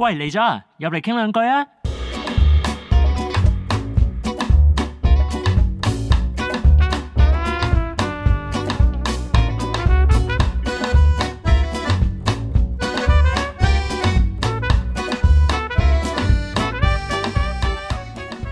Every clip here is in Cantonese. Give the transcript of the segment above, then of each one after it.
喂，嚟咗啊，入嚟傾兩句啊。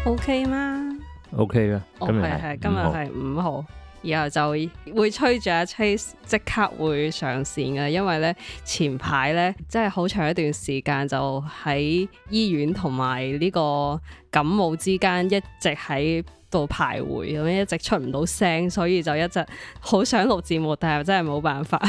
OK 嗎？OK 嘅，今日係今日係五號。然後就會吹住阿 Trace 即刻會上線嘅，因為咧前排咧真係好長一段時間就喺醫院同埋呢個感冒之間一直喺度徘徊咁樣，一直出唔到聲，所以就一直好想錄節目，但係真係冇辦法。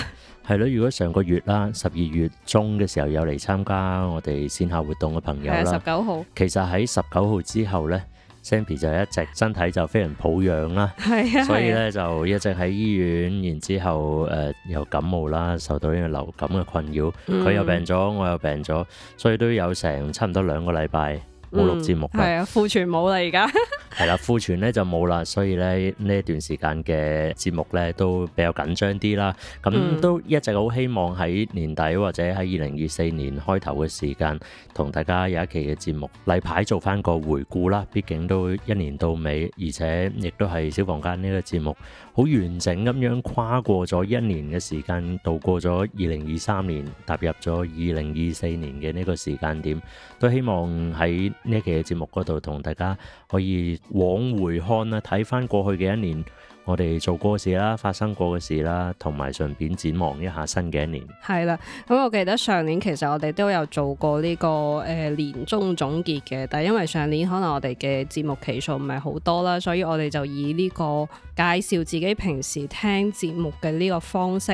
係咯，如果上個月啦，十二月中嘅時候有嚟參加我哋線下活動嘅朋友啦，十九號其實喺十九號之後咧。Samy 就一直身體就非常抱恙啦，啊、所以呢就一直喺醫院，然之後誒、呃、又感冒啦，受到呢個流感嘅困擾，佢、嗯、又病咗，我又病咗，所以都有成差唔多兩個禮拜。冇錄節目啦，係、嗯、啊，庫存冇啦而家，係啦，庫存咧就冇啦，所以咧呢一段時間嘅節目咧都比較緊張啲啦。咁、嗯、都一直好希望喺年底或者喺二零二四年開頭嘅時間，同大家有一期嘅節目，例牌做翻個回顧啦。畢竟都一年到尾，而且亦都係小房間呢個節目，好完整咁樣跨過咗一年嘅時間，度過咗二零二三年，踏入咗二零二四年嘅呢個時間點。都希望喺呢期嘅節目嗰度，同大家可以往回看啦，睇返過去嘅一年。我哋做過事啦，發生過嘅事啦，同埋順便展望一下新嘅一年。係啦，咁我記得上年其實我哋都有做過呢個誒年終總結嘅，但係因為上年可能我哋嘅節目期數唔係好多啦，所以我哋就以呢個介紹自己平時聽節目嘅呢個方式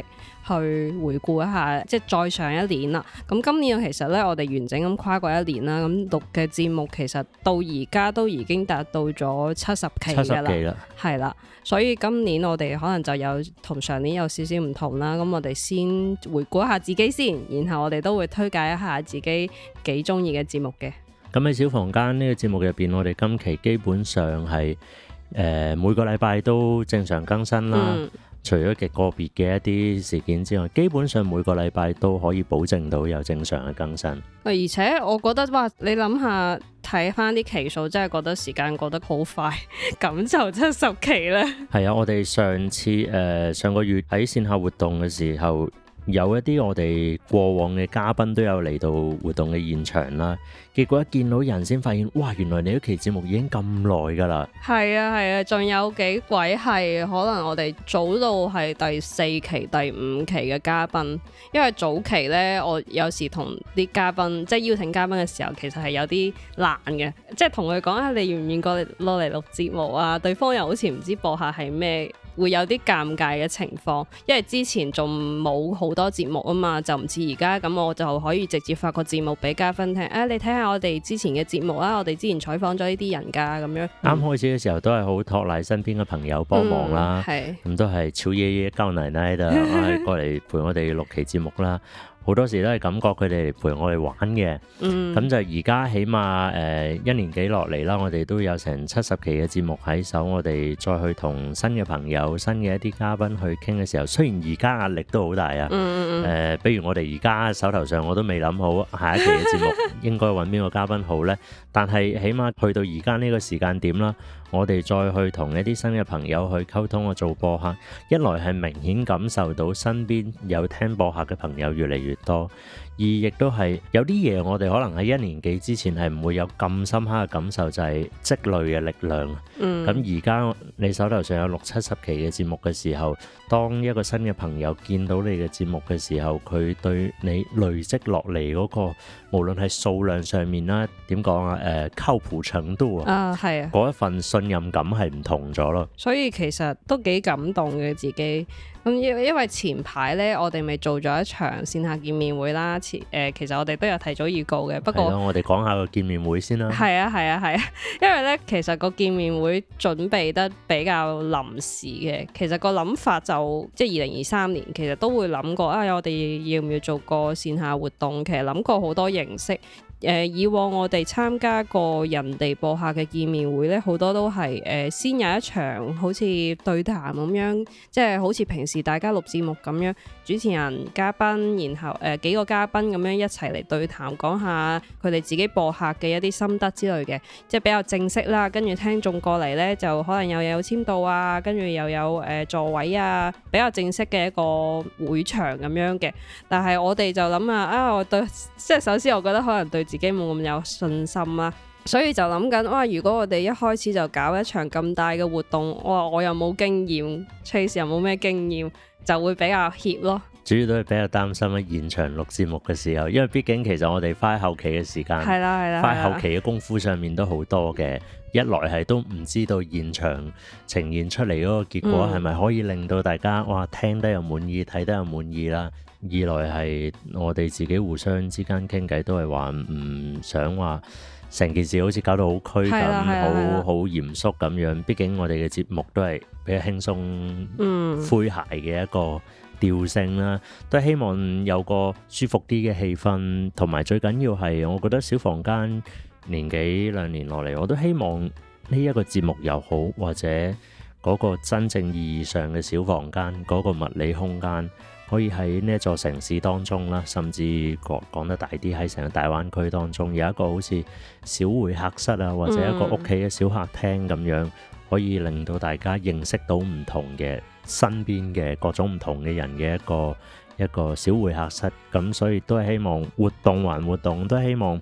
去回顧一下，即係再上一年啦。咁今年其實呢，我哋完整咁跨過一年啦。咁錄嘅節目其實到而家都已經達到咗七十期嘅啦，係啦，所以。今年我哋可能就有同上年有少少唔同啦，咁我哋先回顧下自己先，然後我哋都會推介一下自己幾中意嘅節目嘅。咁喺小房間呢個節目入邊，我哋今期基本上係誒、呃、每個禮拜都正常更新啦。嗯除咗極個別嘅一啲事件之外，基本上每個禮拜都可以保證到有正常嘅更新。而且我覺得哇，你諗下睇返啲期數，真係覺得時間過得好快，咁 就真係十期啦。係啊，我哋上次誒、呃、上個月喺線下活動嘅時候，有一啲我哋過往嘅嘉賓都有嚟到活動嘅現場啦。結果一見到人先發現，哇！原來你啲期節目已經咁耐㗎啦。係啊係啊，仲、啊、有幾位係可能我哋早到係第四期、第五期嘅嘉賓，因為早期呢，我有時同啲嘉賓即係邀請嘉賓嘅時候，其實係有啲難嘅，即係同佢講下你願唔願意過嚟錄節目啊。對方又好似唔知播客係咩，會有啲尷尬嘅情況，因為之前仲冇好多節目啊嘛，就唔似而家咁，我就可以直接發個節目俾嘉賓聽啊、哎，你睇下。我哋之前嘅節目啦，我哋之前採訪咗呢啲人噶，咁樣。啱、嗯、開始嘅時候都係好托賴身邊嘅朋友幫忙啦，咁、嗯、都係超爺爺、高奶奶就 過嚟陪我哋錄期節目啦。好多時都係感覺佢哋陪我哋玩嘅，咁、嗯、就而家起碼誒、呃、一年幾落嚟啦，我哋都有成七十期嘅節目喺手，我哋再去同新嘅朋友、新嘅一啲嘉賓去傾嘅時候，雖然而家壓力都好大啊，誒、呃，比如我哋而家手頭上我都未諗好下一期嘅節目應該揾邊個嘉賓好呢，但係起碼去到而家呢個時間點啦。我哋再去同一啲新嘅朋友去溝通我做播客，一來係明顯感受到身邊有聽播客嘅朋友越嚟越多。而亦都係有啲嘢，我哋可能喺一年幾之前係唔會有咁深刻嘅感受，就係積累嘅力量。嗯，咁而家你手頭上有六七十期嘅節目嘅時候，當一個新嘅朋友見到你嘅節目嘅時候，佢對你累積落嚟嗰個，無論係數量上面啦，點講啊？誒，溝普程度啊，係啊，嗰一份信任感係唔同咗咯。所以其實都幾感動嘅自己。咁因因為前排咧，我哋咪做咗一場線下見面會啦。前誒、呃，其實我哋都有提早預告嘅。不過，我哋講下個見面會先啦。係啊，係啊，係啊。因為咧，其實個見面會準備得比較臨時嘅。其實個諗法就即係二零二三年，其實都會諗過啊、哎。我哋要唔要做個線下活動？其實諗過好多形式。誒以往我哋參加過人哋播客嘅見面會咧，好多都係誒先有一場好似對談咁樣，即係好似平時大家錄節目咁樣，主持人、嘉賓，然後誒幾個嘉賓咁樣一齊嚟對談，講下佢哋自己播客嘅一啲心得之類嘅，即係比較正式啦。跟住聽眾過嚟咧，就可能又有簽到啊，跟住又有誒座位啊，比較正式嘅一個會場咁樣嘅。但係我哋就諗啊，啊我對，即係首先我覺得可能對。自己冇咁有，有信心啦、啊，所以就諗緊哇，如果我哋一開始就搞一場咁大嘅活動，哇，我又冇經驗，Trace 又冇咩經驗，就會比較怯咯。主要都係比較擔心咧，現場錄節目嘅時候，因為畢竟其實我哋花後期嘅時間，係啦係啦，花後期嘅功夫上面都好多嘅。一來係都唔知道現場呈現出嚟嗰個結果係咪、嗯、可以令到大家哇聽得又滿意，睇得又滿意啦。二來係我哋自己互相之間傾偈，都係話唔想話成件事好似搞到好拘謹、好好嚴肅咁樣。畢、啊啊、竟我哋嘅節目都係比較輕鬆、嗯、詼諧嘅一個調性啦。都希望有個舒服啲嘅氣氛，同埋最緊要係我覺得小房間年幾兩年落嚟，我都希望呢一個節目又好，或者嗰個真正意義上嘅小房間嗰、嗰個物理空間。可以喺呢一座城市當中啦，甚至講講得大啲，喺成個大灣區當中，有一個好似小會客室啊，或者一個屋企嘅小客廳咁樣，嗯、可以令到大家認識到唔同嘅身邊嘅各種唔同嘅人嘅一個一個小會客室。咁所以都係希望活動還活動，都希望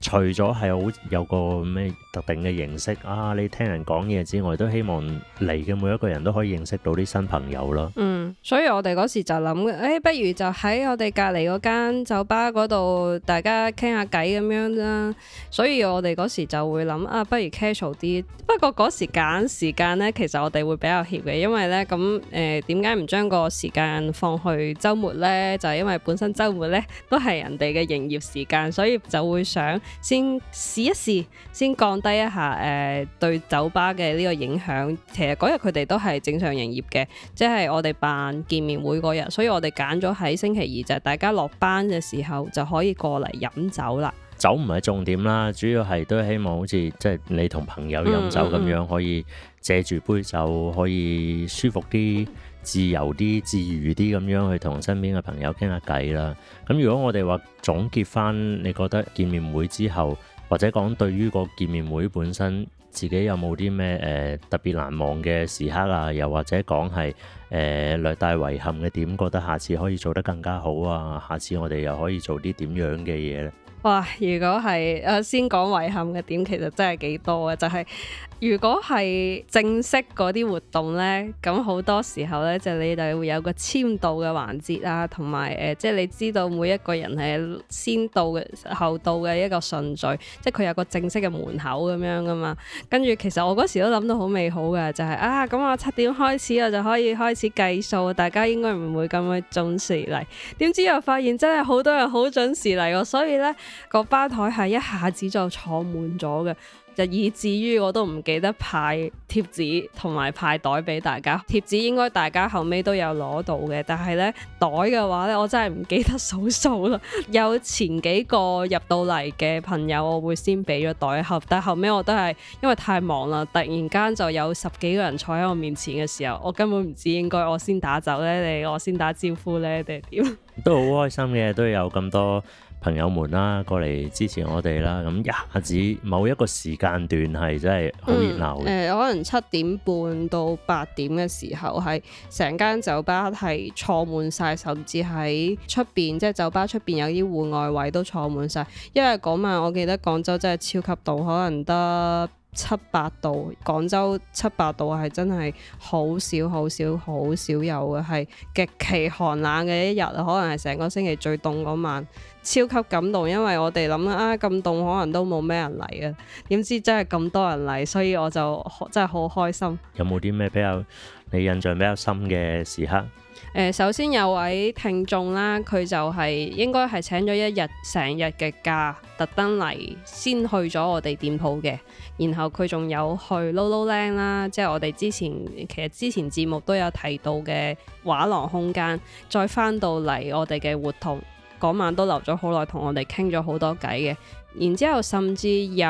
除咗係好有個咩特定嘅形式啊，你聽人講嘢之外，都希望嚟嘅每一個人都可以認識到啲新朋友咯。嗯，所以我哋嗰時就諗，誒，不如就喺我哋隔籬嗰間酒吧嗰度，大家傾下偈咁樣啦。所以我哋嗰時就會諗啊，不如 casual 啲。不過嗰時揀時間咧，其實我哋會比較怯嘅，因為咧，咁誒點解唔將個時間放去週末咧？就係因為本身週末咧都係人哋嘅營業時間，所以就會想先試一試先降低一下，誒、呃，對酒吧嘅呢個影響，其實嗰日佢哋都係正常營業嘅，即係我哋辦見面會嗰日，所以我哋揀咗喺星期二，就是、大家落班嘅時候就可以過嚟飲酒啦。酒唔係重點啦，主要係都希望好似即係你同朋友飲酒咁樣，嗯嗯、可以借住杯酒，可以舒服啲，自由啲，自如啲咁樣去同身邊嘅朋友傾下偈啦。咁如果我哋話總結翻，你覺得見面會之後？或者講對於個見面會本身，自己有冇啲咩誒特別難忘嘅時刻啊？又或者講係。誒、呃、略帶遺憾嘅點，覺得下次可以做得更加好啊！下次我哋又可以做啲點樣嘅嘢咧？哇！如果係誒先講遺憾嘅點，其實真係幾多啊。就係、是、如果係正式嗰啲活動咧，咁好多時候咧就是、你哋會有個簽到嘅環節啊，同埋誒即係你知道每一個人係先到嘅後到嘅一個順序，即係佢有個正式嘅門口咁樣噶嘛。跟住其實我嗰時都諗到好美好嘅，就係、是、啊咁我七點開始，我就可以開始。啲計數，大家應該唔會咁樣準時嚟，點知又發現真係好多人好準時嚟喎，所以呢，個吧台係一下子就坐滿咗嘅。以至於我都唔記得派貼紙同埋派袋俾大家，貼紙應該大家後尾都有攞到嘅，但係咧袋嘅話咧，我真係唔記得數數啦。有前幾個入到嚟嘅朋友，我會先俾咗袋盒，但係後尾我都係因為太忙啦，突然間就有十幾個人坐喺我面前嘅時候，我根本唔知應該我先打走咧，你我先打招呼咧，定係點？都好開心嘅，都有咁多，朋友們啦，過嚟支持我哋啦，咁一下子某一個時間段係真係好熱鬧嘅。誒、嗯呃，可能七點半到八點嘅時候，係成間酒吧係坐滿晒，甚至喺出邊，即係酒吧出邊有啲戶外位都坐滿晒。因為嗰晚我記得廣州真係超級凍，可能得七八度。廣州七八度係真係好少好少好少有嘅，係極其寒冷嘅一日，可能係成個星期最凍嗰晚。超級感動，因為我哋諗啊咁凍，可能都冇咩人嚟啊，點知真係咁多人嚟，所以我就真係好開心。有冇啲咩比較你印象比較深嘅時刻？呃，首先有位聽眾啦，佢就係、係、應該係請咗一日成日嘅假，特登嚟先去咗我哋店鋪嘅，然後佢仲有去 Low Low Land 啦，即係我哋之前其實之前節目都有提到嘅畫廊空間，再翻到嚟我哋嘅活動。嗰晚都留咗好耐，同我哋傾咗好多偈嘅。然之後甚至有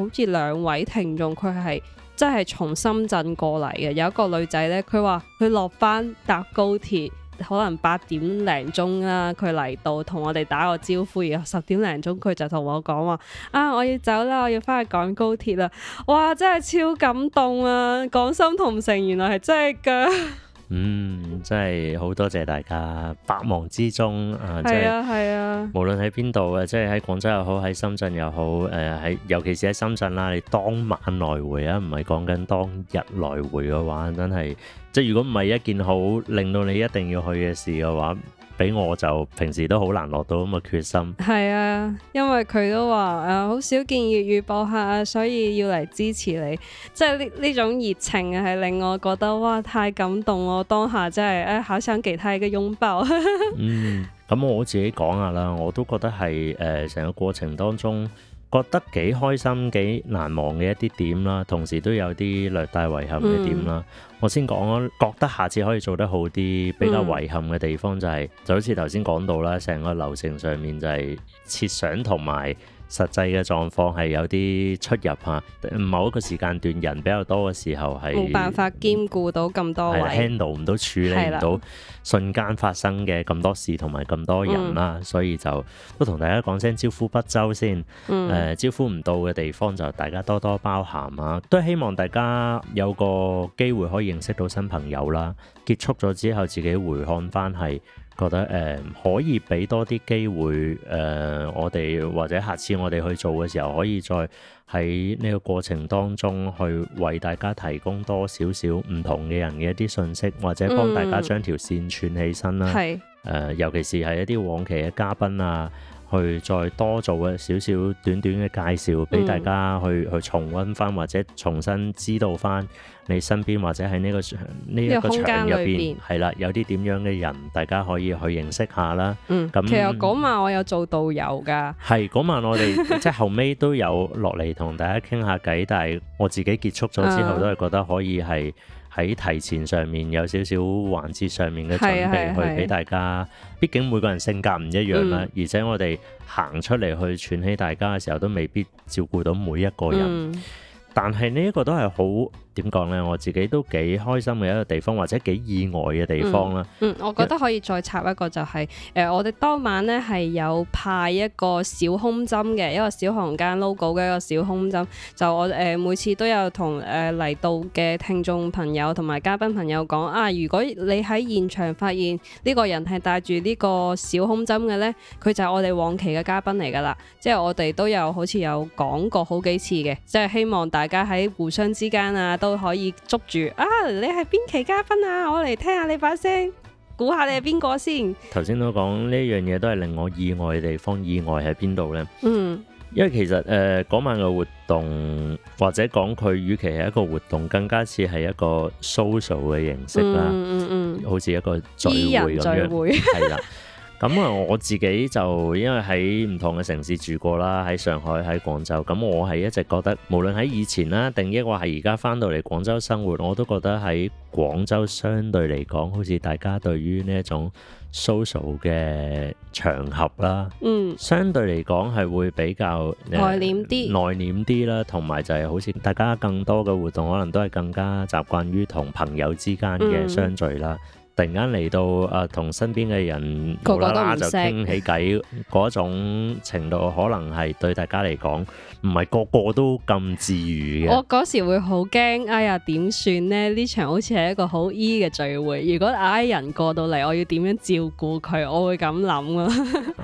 好似兩位聽眾，佢係真係從深圳過嚟嘅。有一個女仔呢，佢話佢落班搭高鐵，可能八點零鐘啦，佢嚟到同我哋打個招呼，然後十點零鐘佢就同我講話：啊，我要走啦，我要翻去趕高鐵啦！哇，真係超感動啊！港深同城原來係真係噶～ 嗯，真係好多謝大家，百忙之中啊，即係、啊啊、無論喺邊度嘅，即係喺廣州又好，喺深圳又好，誒、呃、喺尤其是喺深圳啦、啊，你當晚來回啊，唔係講緊當日來回嘅話，真係即係如果唔係一件好令到你一定要去嘅事嘅話。俾我就平時都好難落到咁嘅決心。係啊，因為佢都話誒好少見粵語播客啊，所以要嚟支持你，即係呢呢種熱情係令我覺得哇，太感動，我當下真係誒考上其他嘅擁抱。 嗯，咁我自己講下啦，我都覺得係誒成個過程當中。覺得幾開心、幾難忘嘅一啲點啦，同時都有啲略帶遺憾嘅點啦。嗯、我先講，覺得下次可以做得好啲，比較遺憾嘅地方就係、是，嗯、就好似頭先講到啦，成個流程上面就係設想同埋，實際嘅狀況係有啲出入吓，某一個時間段人比較多嘅時候係冇辦法兼顧到咁多位的，handle 唔到，處理唔到瞬間發生嘅咁多事同埋咁多人啦，嗯、所以就都同大家講聲招、嗯呃、招呼不周先，誒招呼唔到嘅地方就大家多多包涵啊，都希望大家有個機會可以認識到新朋友啦，結束咗之後自己回看返係。覺得誒、呃、可以俾多啲機會誒、呃，我哋或者下次我哋去做嘅時候，可以再喺呢個過程當中去為大家提供多少少唔同嘅人嘅一啲信息，或者幫大家將條線串起身啦。係、嗯呃、尤其是係一啲往期嘅嘉賓啊。去再多做一少少短短嘅介紹俾大家去去重溫翻或者重新知道翻你身邊，或者喺呢個場呢一個場入邊係啦，有啲點樣嘅人，大家可以去認識下啦。嗯，咁那其實嗰晚我有做導遊噶，係嗰晚我哋 即係後尾都有落嚟同大家傾下偈，但係我自己結束咗之後、嗯、都係覺得可以係。喺提前上面有少少環節上面嘅準備去俾大家。是是是，畢竟每個人性格唔一樣啦，嗯、而且我哋行出嚟去喘起大家嘅時候，都未必照顧到每一個人。嗯、但係呢一個都係好。點講呢？我自己都幾開心嘅一個地方，或者幾意外嘅地方啦、嗯。嗯，我覺得可以再插一個、就係，就係誒，我哋當晚呢，係有派一個小胸針嘅，一個小房間 logo 嘅一個小胸針。就我誒、呃、每次都有同誒嚟到嘅聽眾朋友同埋嘉賓朋友講啊，如果你喺現場發現呢個人係戴住呢個小胸針嘅呢，佢就係我哋往期嘅嘉賓嚟㗎啦。即係我哋都有好似有講過好幾次嘅，即係希望大家喺互相之間啊～都可以捉住啊！你係邊期嘉賓啊？我嚟聽下你把聲，估下你係邊個先。頭先都講呢樣嘢都係令我意外嘅地方，意外喺邊度呢？嗯，因為其實誒嗰、呃、晚嘅活動或者講佢，與其係一個活動，更加似係一個 social 嘅形式啦，嗯嗯嗯，好似一個聚會咁樣。 咁啊，我自己就因為喺唔同嘅城市住過啦，喺上海、喺廣州。咁我係一直覺得，無論喺以前啦，定抑或係而家翻到嚟廣州生活，我都覺得喺廣州相對嚟講，好似大家對於呢一種 social 嘅場合啦，嗯，相對嚟講係會比較內斂啲，內斂啲啦，同埋就係好似大家更多嘅活動，可能都係更加習慣於同朋友之間嘅相聚啦。嗯嗯。突然間嚟到，誒、呃，同身邊嘅人無啦啦就傾起偈嗰種程度，可能係對大家嚟講唔係個個都咁自如嘅。我嗰時會好驚，哎呀點算呢？呢場好似係一個好 E 嘅聚會，如果 I 人過到嚟，我要點樣照顧佢？我會咁諗啊。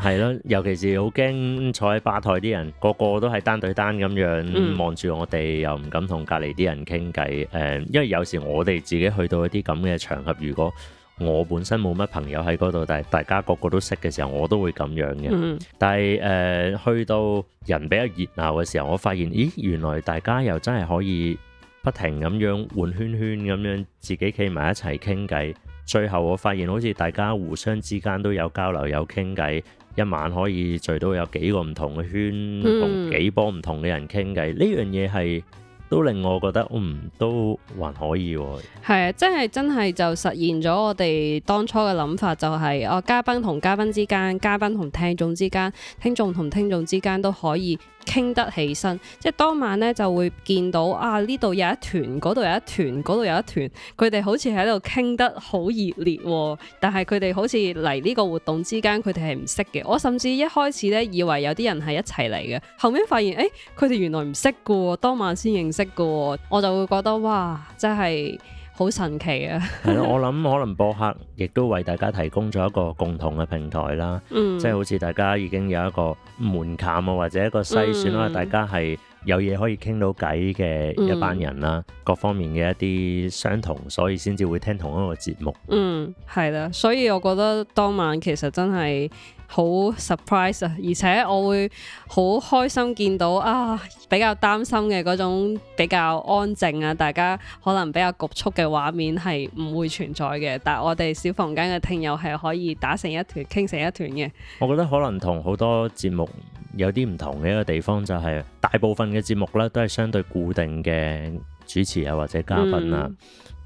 係 咯，尤其是好驚坐喺吧台啲人個個都係單對單咁樣望住我哋，又唔敢同隔離啲人傾偈。誒、呃，因為有時我哋自己去到一啲咁嘅場合，如果我本身冇乜朋友喺嗰度，但係大家個個都識嘅時候，我都會咁樣嘅。嗯，但係誒，呃，去到人比較熱鬧嘅時候，我發現咦，原來大家又真係可以不停咁樣換圈圈咁樣自己企埋一齊傾偈。最後我發現好似大家互相之間都有交流，有傾偈，一晚可以聚到有幾個唔同嘅圈，同幾波唔同嘅人傾偈。呢樣嘢係。都令我覺得，嗯，都還可以喎。係啊，即係真係就實現咗我哋當初嘅諗法，就係，就係哦嘉賓同嘉賓之間，嘉賓同聽眾之間，聽眾同聽眾之間都可以。傾得起身，即係當晚咧就會見到啊！呢度有一團，嗰度有一團，嗰度有一團，佢哋好似喺度傾得好熱烈喎。但係佢哋好似嚟呢個活動之間，佢哋係唔識嘅。我甚至一開始咧以為有啲人係一齊嚟嘅，後面發現誒佢哋原來唔識嘅，當晚先認識嘅喎。我就會覺得哇，真係～好神奇啊！係咯，我諗可能播客亦都為大家提供咗一個共同嘅平台啦，嗯、即係好似大家已經有一個門檻啊，或者一個篩選啦，嗯、大家係有嘢可以傾到偈嘅一班人啦，嗯、各方面嘅一啲相同，所以先至會聽同一個節目。嗯，係啦，所以我覺得當晚其實真係好 surprise 啊！而且我會好開心見到啊，比較擔心嘅嗰種比較安靜啊，大家可能比較局促嘅畫面係唔會存在嘅。但係我哋小房間嘅聽友係可以打成一團傾成一團嘅。我覺得可能同好多節目有啲唔同嘅一個地方，就係大部分嘅節目咧都係相對固定嘅主持啊，或者嘉賓啊。嗯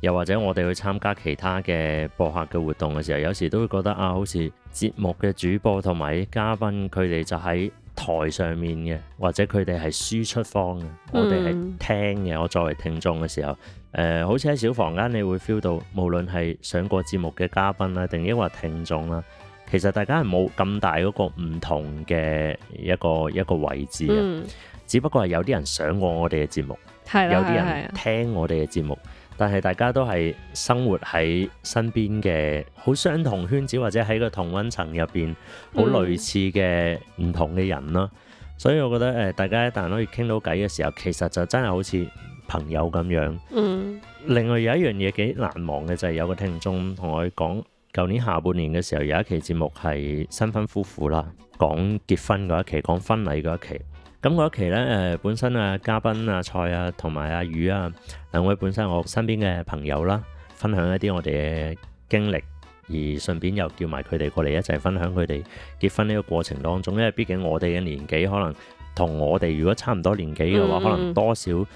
又或者我哋去參加其他嘅播客嘅活動嘅時候，有時都會覺得啊，好似節目嘅主播同埋嘉賓佢哋就喺台上面嘅，或者佢哋係輸出方嘅，嗯、我哋係聽嘅。我作為聽眾嘅時候，誒、呃，好似喺小房間，你會 feel 到無論係上過節目嘅嘉賓啦，定抑或聽眾啦，其實大家係冇咁大嗰個唔同嘅一個一個，一個位置嘅，嗯、只不過係有啲人上過我哋嘅節目，的有啲人聽我哋嘅節目。的但係大家都係生活喺身邊嘅好相同圈子，或者喺個同溫層入邊好類似嘅唔同嘅人咯。嗯、所以我覺得誒、呃，大家一旦可以傾到偈嘅時候，其實就真係好似朋友咁樣。嗯。另外有一樣嘢幾難忘嘅就係、是、有個聽眾同我講，舊年下半年嘅時候有一期節目係新婚夫婦啦，講結婚嗰一期，講婚禮嗰一期。咁嗰一期咧，誒、呃、本身啊，嘉賓啊，蔡啊，同埋阿宇啊，兩、啊、位本身我身邊嘅朋友啦，分享一啲我哋嘅經歷，而順便又叫埋佢哋過嚟一齊分享佢哋結婚呢個過程當中，因為畢竟我哋嘅年紀可能同我哋如果差唔多年紀嘅話，嗯、可能多少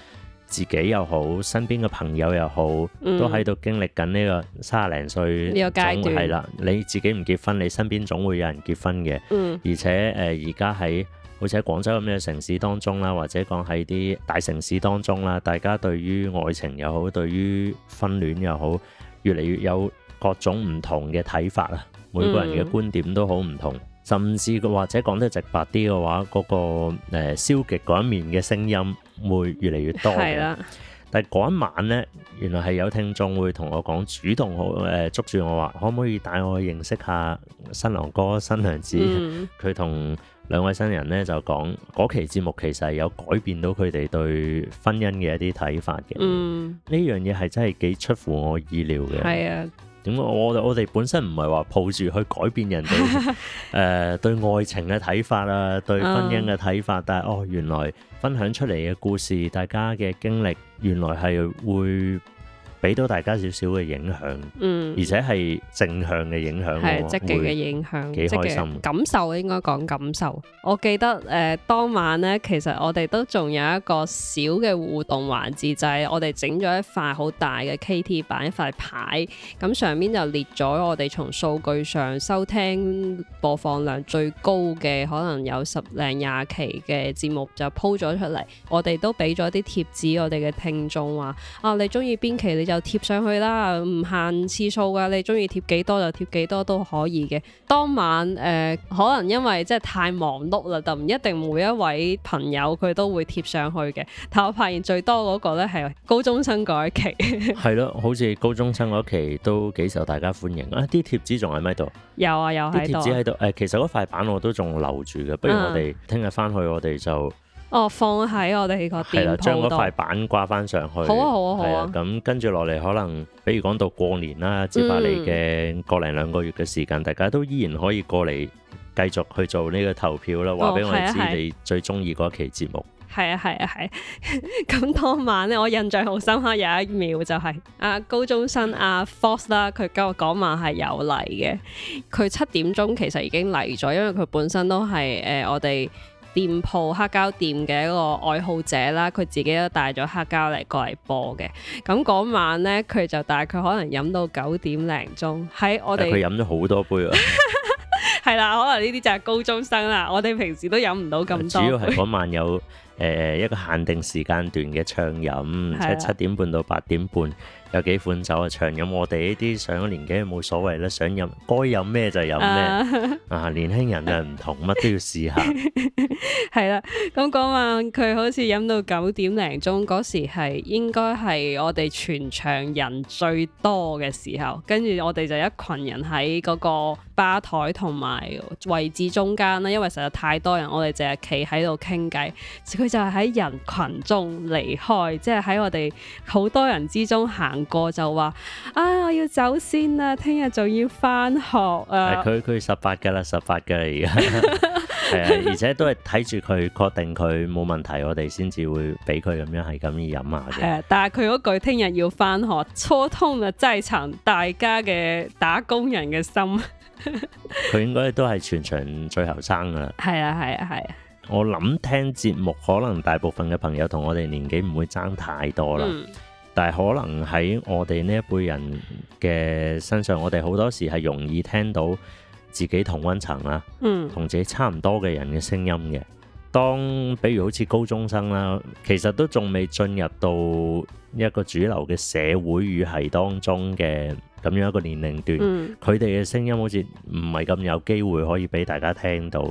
自己又好，身邊嘅朋友又好，嗯、都喺度經歷緊呢個三廿零歲呢個階段，係啦，你自己唔結婚，你身邊總會有人結婚嘅，嗯、而且誒而家喺。呃呃呃呃呃呃呃呃好似喺廣州咁嘅城市當中啦，或者講喺啲大城市當中啦，大家對於愛情又好，對於婚戀又好，越嚟越有各種唔同嘅睇法啊，每個人嘅觀點都好唔同，嗯、甚至或者講得直白啲嘅話，嗰、嗰個、呃、消極嗰一面嘅聲音會越嚟越多。係啦。但嗰一晚呢，原來係有聽眾會同我講，主動好誒捉、呃、住我話，可唔可以帶我去認識下新郎哥、新娘子？佢同兩位新人呢，就講嗰期節目其實係有改變到佢哋對婚姻嘅一啲睇法嘅。呢樣嘢係真係幾出乎我意料嘅。係啊、嗯，點解我我哋本身唔係話抱住去改變人哋誒、 呃、對愛情嘅睇法啊，對婚姻嘅睇法，但係哦原來。哦哦哦哦哦哦哦哦分享出嚟嘅故事，大家嘅經歷原來係會，俾到大家少少嘅影響，嗯，而且係正向嘅影,影響，係積極嘅影響，幾開心。積極感受應該講感受。我記得誒、呃、當晚呢，其實我哋都仲有一個小嘅互動環節，就係、是、我哋整咗一塊好大嘅 KT 板一塊牌，咁上面就列咗我哋從數據上收聽播放量最高嘅，可能有十零廿期嘅節目就鋪咗出嚟。我哋都俾咗啲貼紙，我哋嘅聽眾話啊，你中意邊期你？又貼上去啦，唔限次數噶，你中意貼幾多就貼幾多都可以嘅。當晚誒、呃，可能因為即係太忙碌啦，就唔一定每一位朋友佢都會貼上去嘅。但我發現最多嗰個咧係高中生嗰一期，係 咯，好似高中生嗰一期都幾受大家歡迎啊！啲貼紙仲喺咪度？有啊，有啲貼紙喺度。誒、啊，其實嗰塊板我都仲留住嘅，不如我哋聽日翻去，嗯、我哋就～哦，放喺我哋個店鋪度。係啦，將嗰塊板掛翻上去。好，好，好啊，好啊，好啊。咁跟住落嚟，可能比如講到過年啦，接下嚟嘅一個零兩個月嘅時間，嗯、大家都依然可以過嚟繼續去做呢個投票啦。話俾我哋知、哦啊啊、你最中意嗰期節目。係啊，係啊、係、啊。咁 當晚咧，我印象好深刻，有一秒就係、是、阿、啊、高中生阿 Fox 啦，佢今日講晚係有嚟嘅。佢七點鐘其實已經嚟咗，因為佢本身都係誒、呃、我哋。店鋪黑膠店嘅一個愛好者啦，佢自己都帶咗黑膠嚟過嚟播嘅。咁嗰晚咧，佢就大概可能飲到九點零鐘喺我哋。佢飲咗好多杯啊！係啦， 可能呢啲就係高中生啦。我哋平時都飲唔到咁多。主要係嗰晚有。 誒、呃、一個限定時間段嘅暢飲，啊、即係七點半到八點半有幾款酒嘅暢飲。我哋呢啲上咗年紀冇所謂啦，想飲該飲咩就飲咩。啊，啊年輕人就唔同，乜 都要試下。係啦、 啊，咁講話佢好似飲到九點零鐘嗰時係應該係我哋全場人最多嘅時候，跟住我哋就一群人喺嗰個吧台同埋位置中間啦，因為實在太多人，我哋淨係企喺度傾偈。就係喺人群中離開，即係喺我哋好多人之中行過就話啊、哎，我要走先啦，聽日仲要翻學啊！佢佢十八噶啦，十八噶啦而家，係啊， 而且都係睇住佢，確定佢冇問題，我哋先至會俾佢咁樣係咁樣飲下嘅。但係佢嗰句聽日要翻學，初通啊，齋殘大家嘅打工人嘅心。佢 應該都係全場最後生噶啦。係啊，係啊，係啊。我諗聽節目，可能大部分嘅朋友同我哋年紀唔會差太多啦。嗯、但係可能喺我哋呢一輩人嘅身上，我哋好多時係容易聽到自己同溫層啦，同自己差唔多嘅人嘅聲音嘅。當比如好似高中生啦，其實都仲未進入到一個主流嘅社會語系當中嘅。咁樣一個年齡段，佢哋嘅聲音好似唔係咁有機會可以俾大家聽到，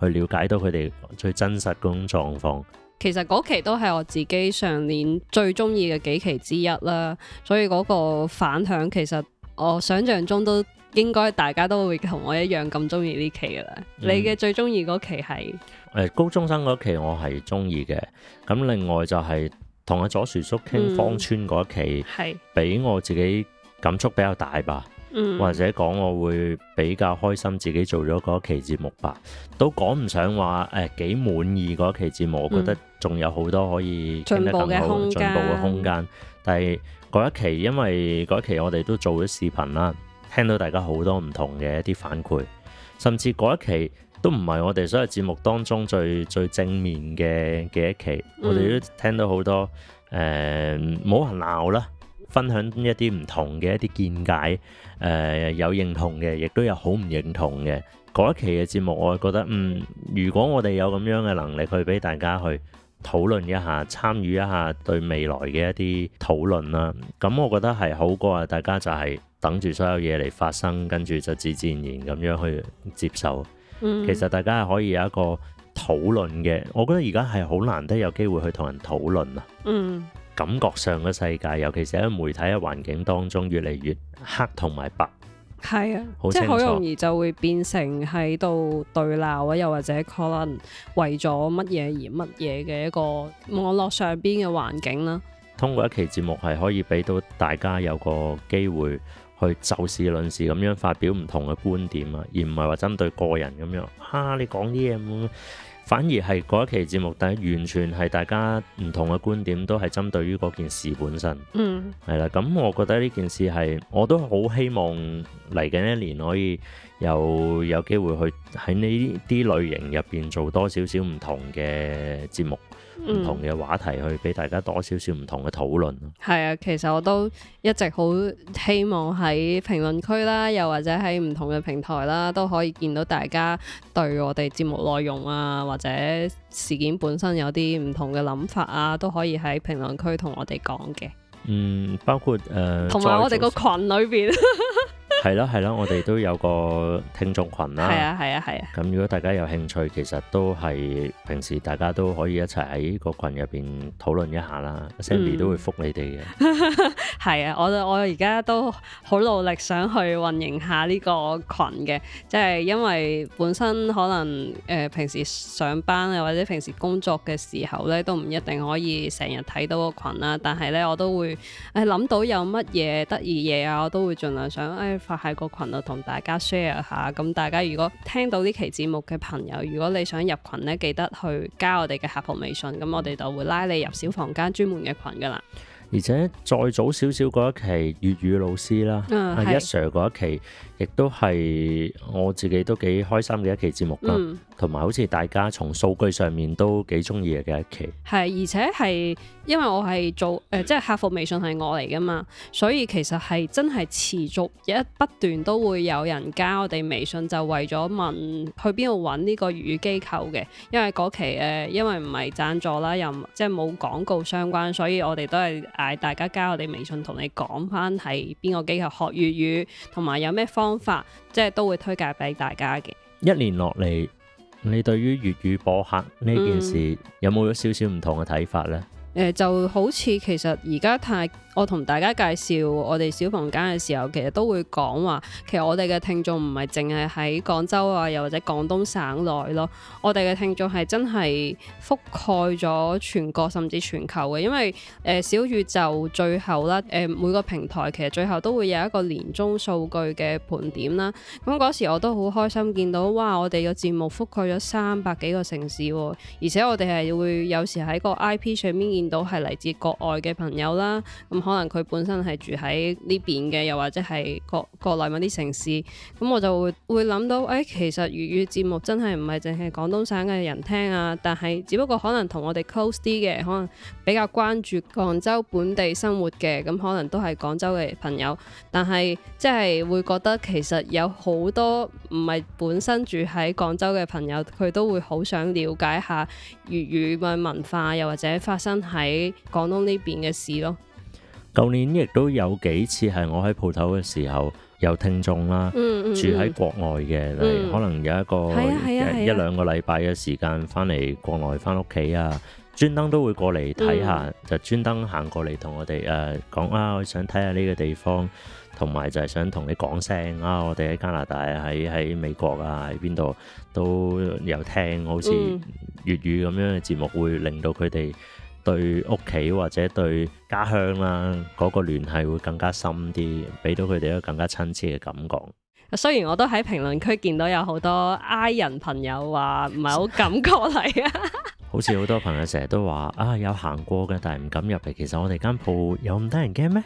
去了解到佢哋最真實嗰種狀況。其實嗰期都係我自己上年最中意嘅幾期之一啦，所以嗰個反響其實我想象中都應該大家都會同我一樣咁中意呢期噶啦。嗯、你嘅最中意嗰期係誒、呃、高中生嗰期我，我係中意嘅。咁另外就係同阿左樹叔傾芳村嗰一期係，係俾我自己。感觸比較大吧，或者講我會比較開心自己做咗嗰一期節目吧，都講唔上話誒幾滿意嗰一期節目，我覺得仲有好多可以進步嘅空間。進步嘅空間，但係嗰一期因為嗰一期我哋都做咗視頻啦，聽到大家好多唔同嘅一啲反饋，甚至嗰一期都唔係我哋所有節目當中最最正面嘅嘅一期，我哋都聽到好多誒冇人鬧啦。分享一啲唔同嘅一啲見解，誒、呃、有認同嘅，亦都有好唔認同嘅。嗰一期嘅節目，我覺得，嗯，如果我哋有咁樣嘅能力去俾大家去討論一下、參與一下對未來嘅一啲討論啦，咁我覺得係好過啊！大家就係等住所有嘢嚟發生，跟住就自自然然咁樣去接受。其實大家係可以有一個討論嘅，我覺得而家係好難得有機會去同人討論啊。嗯。感覺上嘅世界，尤其是喺媒體嘅環境當中，越嚟越黑同埋白，係啊，即係好容易就會變成喺度對鬧啊，又或者可能為咗乜嘢而乜嘢嘅一個網絡上邊嘅環境啦。通過一期節目係可以俾到大家有個機會去就事論事咁樣發表唔同嘅觀點啊，而唔係話針對個人咁樣啊，你講啲嘢。反而係嗰一期節目，但係完全係大家唔同嘅觀點，都係針對於嗰件事本身。嗯，係啦，咁我覺得呢件事係，我都好希望嚟緊一年可以有有機會去喺呢啲類型入邊做多少少唔同嘅節目。嗯，唔同嘅話題去俾大家多少少唔同嘅討論咯。係啊，其實我都一直好希望喺評論區啦，又或者喺唔同嘅平台啦，都可以見到大家對我哋節目內容啊，或者事件本身有啲唔同嘅諗法啊，都可以喺評論區同我哋講嘅。嗯，包括誒，呃，同埋我哋個群裏邊。 係咯，係咯，我哋都有個聽眾群啦。係啊係啊係啊。咁如果大家有興趣，其實都係平時大家都可以一齊喺個群入邊討論一下啦。Sandy 都會覆你哋嘅。係 啊，我我而家都好努力想去運營下呢個群嘅，即係因為本身可能誒平時上班啊，或者平時工作嘅時候咧，都唔一定可以成日睇到個群啦。但係咧，我都會誒諗到有乜嘢得意嘢啊，我都會盡量想誒。喺個群度同大家 share 下，咁大家如果聽到呢期節目嘅朋友，如果你想入群咧，記得去加我哋嘅客服微信，咁我哋就會拉你入小房間專門嘅群噶啦。而且再早少少嗰一期粵語老師啦，阿一 Sir 嗰一期。亦都係我自己都幾開心嘅一期節目啦，同埋、嗯、好似大家從數據上面都幾中意嘅一期。係，而且係因為我係做誒、呃、即係客服微信係我嚟噶嘛，所以其實係真係持續一不斷都會有人加我哋微信，就為咗問去邊度揾呢個粵語機構嘅。因為嗰期誒、呃、因為唔係贊助啦，又唔、即係冇廣告相關，所以我哋都係嗌大家加我哋微信，同你講翻係邊個機構學粵語同埋有咩方。方法即係都會推介俾大家嘅。一年落嚟，你對於粵語播客呢件事、嗯、有冇咗少少唔同嘅睇法咧？誒、呃、就好似其實而家太我同大家介紹我哋小房間嘅時候，其實都會講話，其實我哋嘅聽眾唔係淨係喺廣州啊，又或者廣東省內咯。我哋嘅聽眾係真係覆蓋咗全國甚至全球嘅，因為誒、呃、小宇宙最後啦，誒、呃、每個平台其實最後都會有一個年終數據嘅盤點啦。咁、嗯、嗰時我都好開心見到，哇！我哋嘅節目覆蓋咗三百幾個城市喎，而且我哋係會有時喺個 I P 上面。見到係嚟自國外嘅朋友啦，咁可能佢本身係住喺呢邊嘅，又或者係國國內某啲城市，咁我就會會諗到，誒、哎、其實粵語節目真係唔係淨係廣東省嘅人聽啊，但係只不過可能同我哋 close 啲嘅，可能比較關注廣州本地生活嘅，咁可能都係廣州嘅朋友，但係即係會覺得其實有好多唔係本身住喺廣州嘅朋友，佢都會好想了解下粵語嘅文化，又或者發生。喺廣東呢邊嘅事咯，舊年亦都有幾次係我喺鋪頭嘅時候，有聽眾啦、啊，嗯嗯、住喺國外嘅，嗯、可能有一個、嗯嗯、一、啊啊、一兩個禮拜嘅時間翻嚟國內翻屋企啊，專登都會過嚟睇下，嗯、就專登行過嚟同我哋誒、啊、講啊，我想睇下呢個地方，同埋就係想同你講聲啊，我哋喺加拿大、喺喺美國啊，喺邊度都有聽好似粵語咁樣嘅節目，會令到佢哋，對屋企或者對家鄉啦、啊，嗰、那個聯繫會更加深啲，俾到佢哋一個更加親切嘅感覺。雖然我都喺評論區見到有好多 I 人朋友話唔係好感覺嚟啊，好似好多朋友成日都話啊，有行過嘅，但係唔敢入嚟。其實我哋間鋪有咁多人驚咩？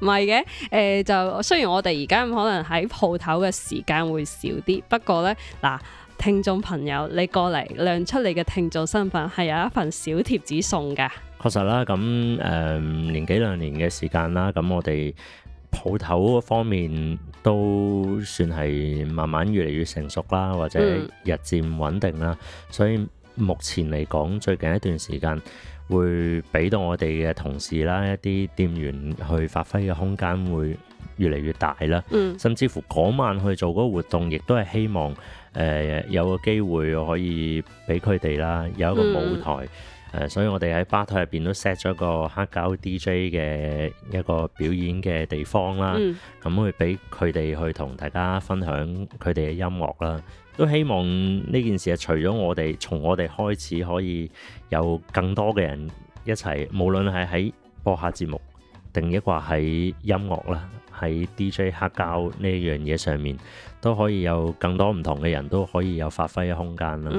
唔係嘅，誒、呃，就雖然我哋而家可能喺鋪頭嘅時間會少啲，不過呢。嗱。聽眾朋友，你過嚟亮出你嘅聽眾身份，係有一份小貼紙送嘅。確實啦，咁誒、嗯，年幾兩年嘅時間啦，咁我哋鋪頭方面都算係慢慢越嚟越成熟啦，或者日漸穩定啦。嗯、所以目前嚟講，最近一段時間會俾到我哋嘅同事啦，一啲店員去發揮嘅空間會越嚟越大啦。嗯，甚至乎嗰晚去做嗰個活動，亦都係希望。誒、呃、有個機會可以俾佢哋啦，有一個舞台誒、嗯呃，所以我哋喺吧台入邊都 set 咗個黑膠 DJ 嘅一個表演嘅地方啦，咁、嗯、去俾佢哋去同大家分享佢哋嘅音樂啦。都希望呢件事係、啊、除咗我哋，從我哋開始可以有更多嘅人一齊，無論係喺播客節目定抑或喺音樂啦，喺 DJ 黑膠呢樣嘢上面。都可以有更多唔同嘅人都可以有發揮嘅空間啦。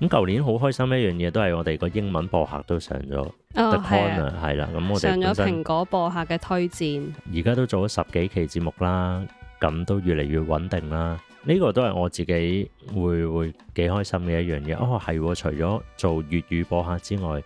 咁舊、嗯、年好開心一樣嘢，都係我哋個英文播客都上咗 The Corner，係啦。咁我哋上咗蘋果播客嘅推薦。而家都做咗十幾期節目啦，咁都越嚟越穩定啦。呢、這個都係我自己會會幾開心嘅一樣嘢。哦，係，除咗做粵語播客之外，誒、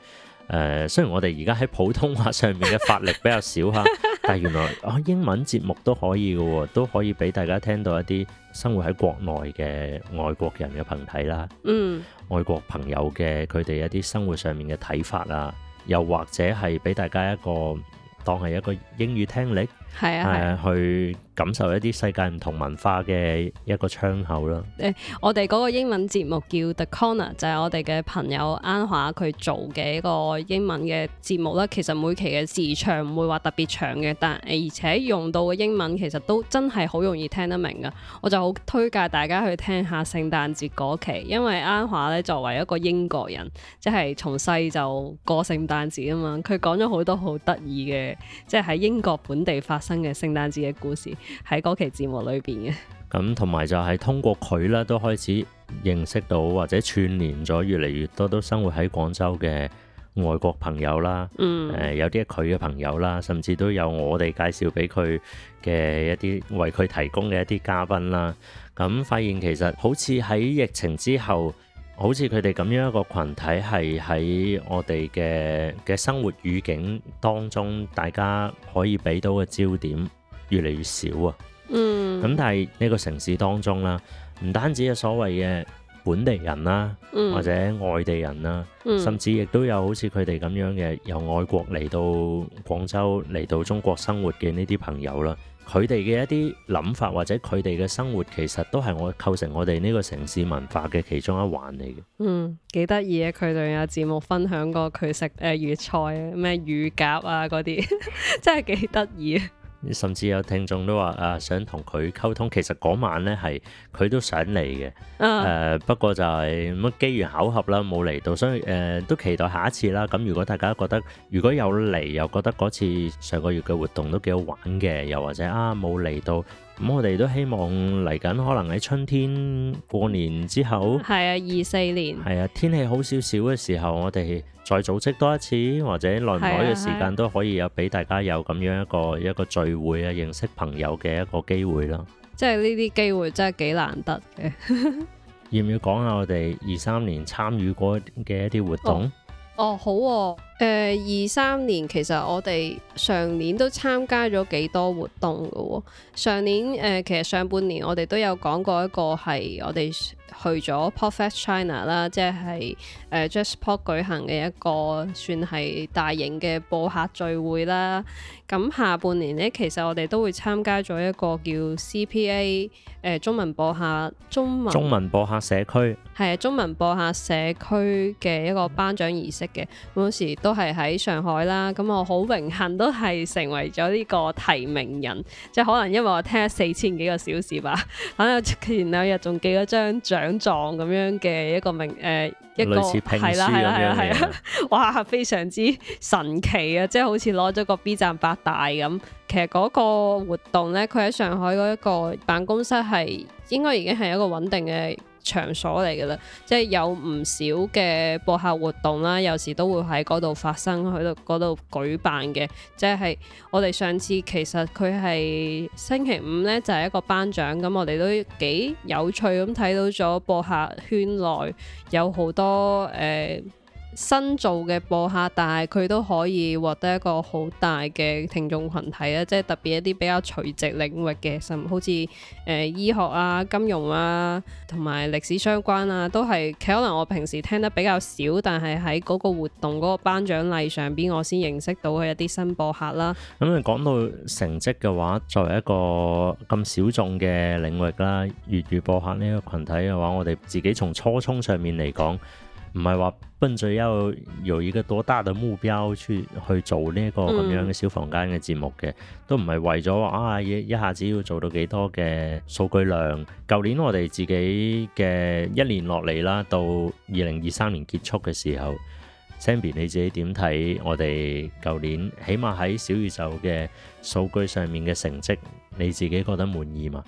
呃，雖然我哋而家喺普通話上面嘅發力比較少嚇。 但原來啊、哦，英文節目都可以嘅喎、哦，都可以俾大家聽到一啲生活喺國內嘅外國人嘅群體啦，嗯，外國朋友嘅佢哋一啲生活上面嘅睇法啊，又或者係俾大家一個當係一個英語聽力，係啊係、呃、啊去。感受一啲世界唔同文化嘅一個窗口啦。誒、哎，我哋嗰個英文節目叫 The Corner，就係我哋嘅朋友 Anwar 佢做嘅一個英文嘅節目啦。其實每期嘅時長唔會話特別長嘅，但係而且用到嘅英文其實都真係好容易聽得明噶。我就好推介大家去聽下聖誕節嗰期，因為 Anwar 咧作為一個英國人，即係從細就過聖誕節啊嘛。佢講咗好多好得意嘅，即係喺英國本地發生嘅聖誕節嘅故事。喺嗰期節目裏邊嘅，咁同埋就係通過佢啦，都開始認識到或者串連咗越嚟越多都生活喺廣州嘅外國朋友啦。嗯，誒、呃、有啲佢嘅朋友啦，甚至都有我哋介紹俾佢嘅一啲為佢提供嘅一啲嘉賓啦。咁、嗯、發現其實好似喺疫情之後，好似佢哋咁樣一個群體，係喺我哋嘅嘅生活語境當中，大家可以俾到嘅焦點，越嚟越少啊！嗯，咁但係呢個城市當中啦、啊，唔單止係所謂嘅本地人啦、啊，嗯、或者外地人啦、啊，嗯、甚至亦都有好似佢哋咁樣嘅由外國嚟到廣州嚟到中國生活嘅呢啲朋友啦、啊，佢哋嘅一啲諗法或者佢哋嘅生活，其實都係我構成我哋呢個城市文化嘅其中一環嚟嘅。嗯，幾得意啊！佢哋有節目分享過佢食誒粵菜咩乳鴿啊嗰啲，真係幾得意。甚至有聽眾都話啊，想同佢溝通。其實嗰晚咧係佢都想嚟嘅，誒、uh. 呃、不過就係咁嘅機緣巧合啦，冇嚟到。所以誒、呃、都期待下一次啦。咁如果大家覺得如果有嚟，又覺得嗰次上個月嘅活動都幾好玩嘅，又或者啊冇嚟到。咁、嗯、我哋都希望嚟緊可能喺春天過年之後，係啊，二四年係啊，天氣好少少嘅時候，我哋再組織多一次，或者耐唔耐嘅時間都可以有俾大家有咁樣一個一個聚會啊，認識朋友嘅一個機會囉。啊啊、即係呢啲機會真係幾難得嘅。 要唔要講下我哋二三年參與過嘅一啲活動？哦哦，好哦，誒二三年其實我哋上年都參加咗幾多活動嘅喎、哦。上年誒、呃、其實上半年我哋都有講過一個係我哋去咗 PodFest China 啦，即係誒 JustPod 舉行嘅一個算係大型嘅播客聚會啦。咁下半年咧，其實我哋都會參加咗一個叫 CPA，誒、呃、中文播客中文中文播客社區係啊，中文播客社區嘅一個頒獎儀式嘅，當時都係喺上海啦。咁我好榮幸都係成為咗呢個提名人，即係可能因為我聽咗四千幾個小時吧，可 能前兩日仲寄咗張獎狀咁樣嘅一個名誒一個係啦係啦係啦，係、呃、哇，非常之神奇啊！即係好似攞咗個 B 站八。大咁，其實嗰個活動呢，佢喺上海嗰一個辦公室係應該已經係一個穩定嘅場所嚟嘅啦，即係有唔少嘅播客活動啦，有時都會喺嗰度發生，喺度嗰度舉辦嘅。即係我哋上次其實佢係星期五呢，就係、是、一個頒獎，咁我哋都幾有趣咁睇到咗播客圈內有好多誒。呃新做嘅播客，但係佢都可以獲得一個好大嘅聽眾群體啊，即係特別一啲比較垂直領域嘅，甚至誒、呃、好似醫學啊、金融啊，同埋歷史相關啊，都係可能我平時聽得比較少，但係喺嗰個活動嗰個頒獎禮上邊，我先認識到佢一啲新播客啦。咁你講到成績嘅話，作為一個咁小眾嘅領域啦，粵語播客呢個群體嘅話，我哋自己從初衷上面嚟講。唔係話奔最要有一個多大嘅目標去去做呢個咁樣嘅小房間嘅節目嘅，嗯、都唔係為咗話啊一下子要做到幾多嘅數據量。舊年我哋自己嘅一年落嚟啦，到二零二三年結束嘅時候，Sammy、嗯、你自己點睇？我哋舊年起碼喺小宇宙嘅數據上面嘅成績，你自己覺得滿意嘛？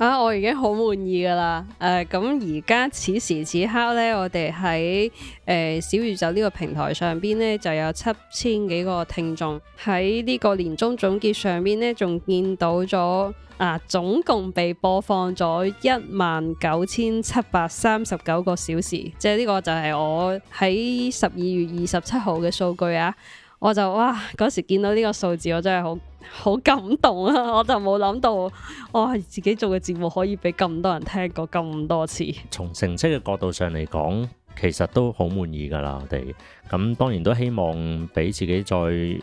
啊！我已經好滿意㗎喇。誒咁而家此時此刻呢，我哋喺誒小宇宙呢個平台上邊呢，就有七千幾個聽眾喺呢個年終總結上邊呢，仲見到咗啊總共被播放咗一萬九千七百三十九個小時，即係呢個就係我喺十二月二十七號嘅數據啊！我就哇！嗰時見到呢個數字，我真係好好感動啊！我就冇諗到，哇，我自己做嘅節目可以俾咁多人聽過咁多次。從成績嘅角度上嚟講，其實都好滿意㗎啦，我哋。咁當然都希望俾自己再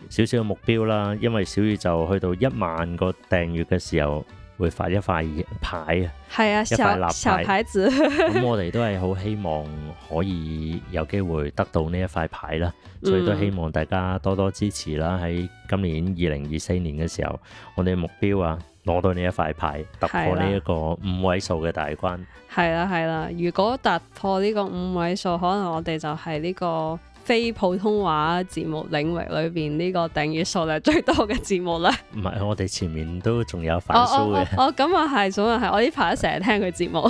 少少目標啦，因為小宇宙就去到一萬個訂閱嘅時候。會發一塊牌啊，係啊，一塊立牌子。咁 我哋都係好希望可以有機會得到呢一塊牌啦，所以都希望大家多多支持啦。喺今年二零二四年嘅時候，我哋目標啊，攞到呢一塊牌，突破呢一個五位數嘅大關。係啦，係啦，如果突破呢個五位數，可能我哋就係呢個。非普通話節目領域裏邊呢個訂閱數量最多嘅節目咧，唔係我哋前面都仲有繁蘇嘅，哦咁啊係，所以係我呢排成日聽佢節目，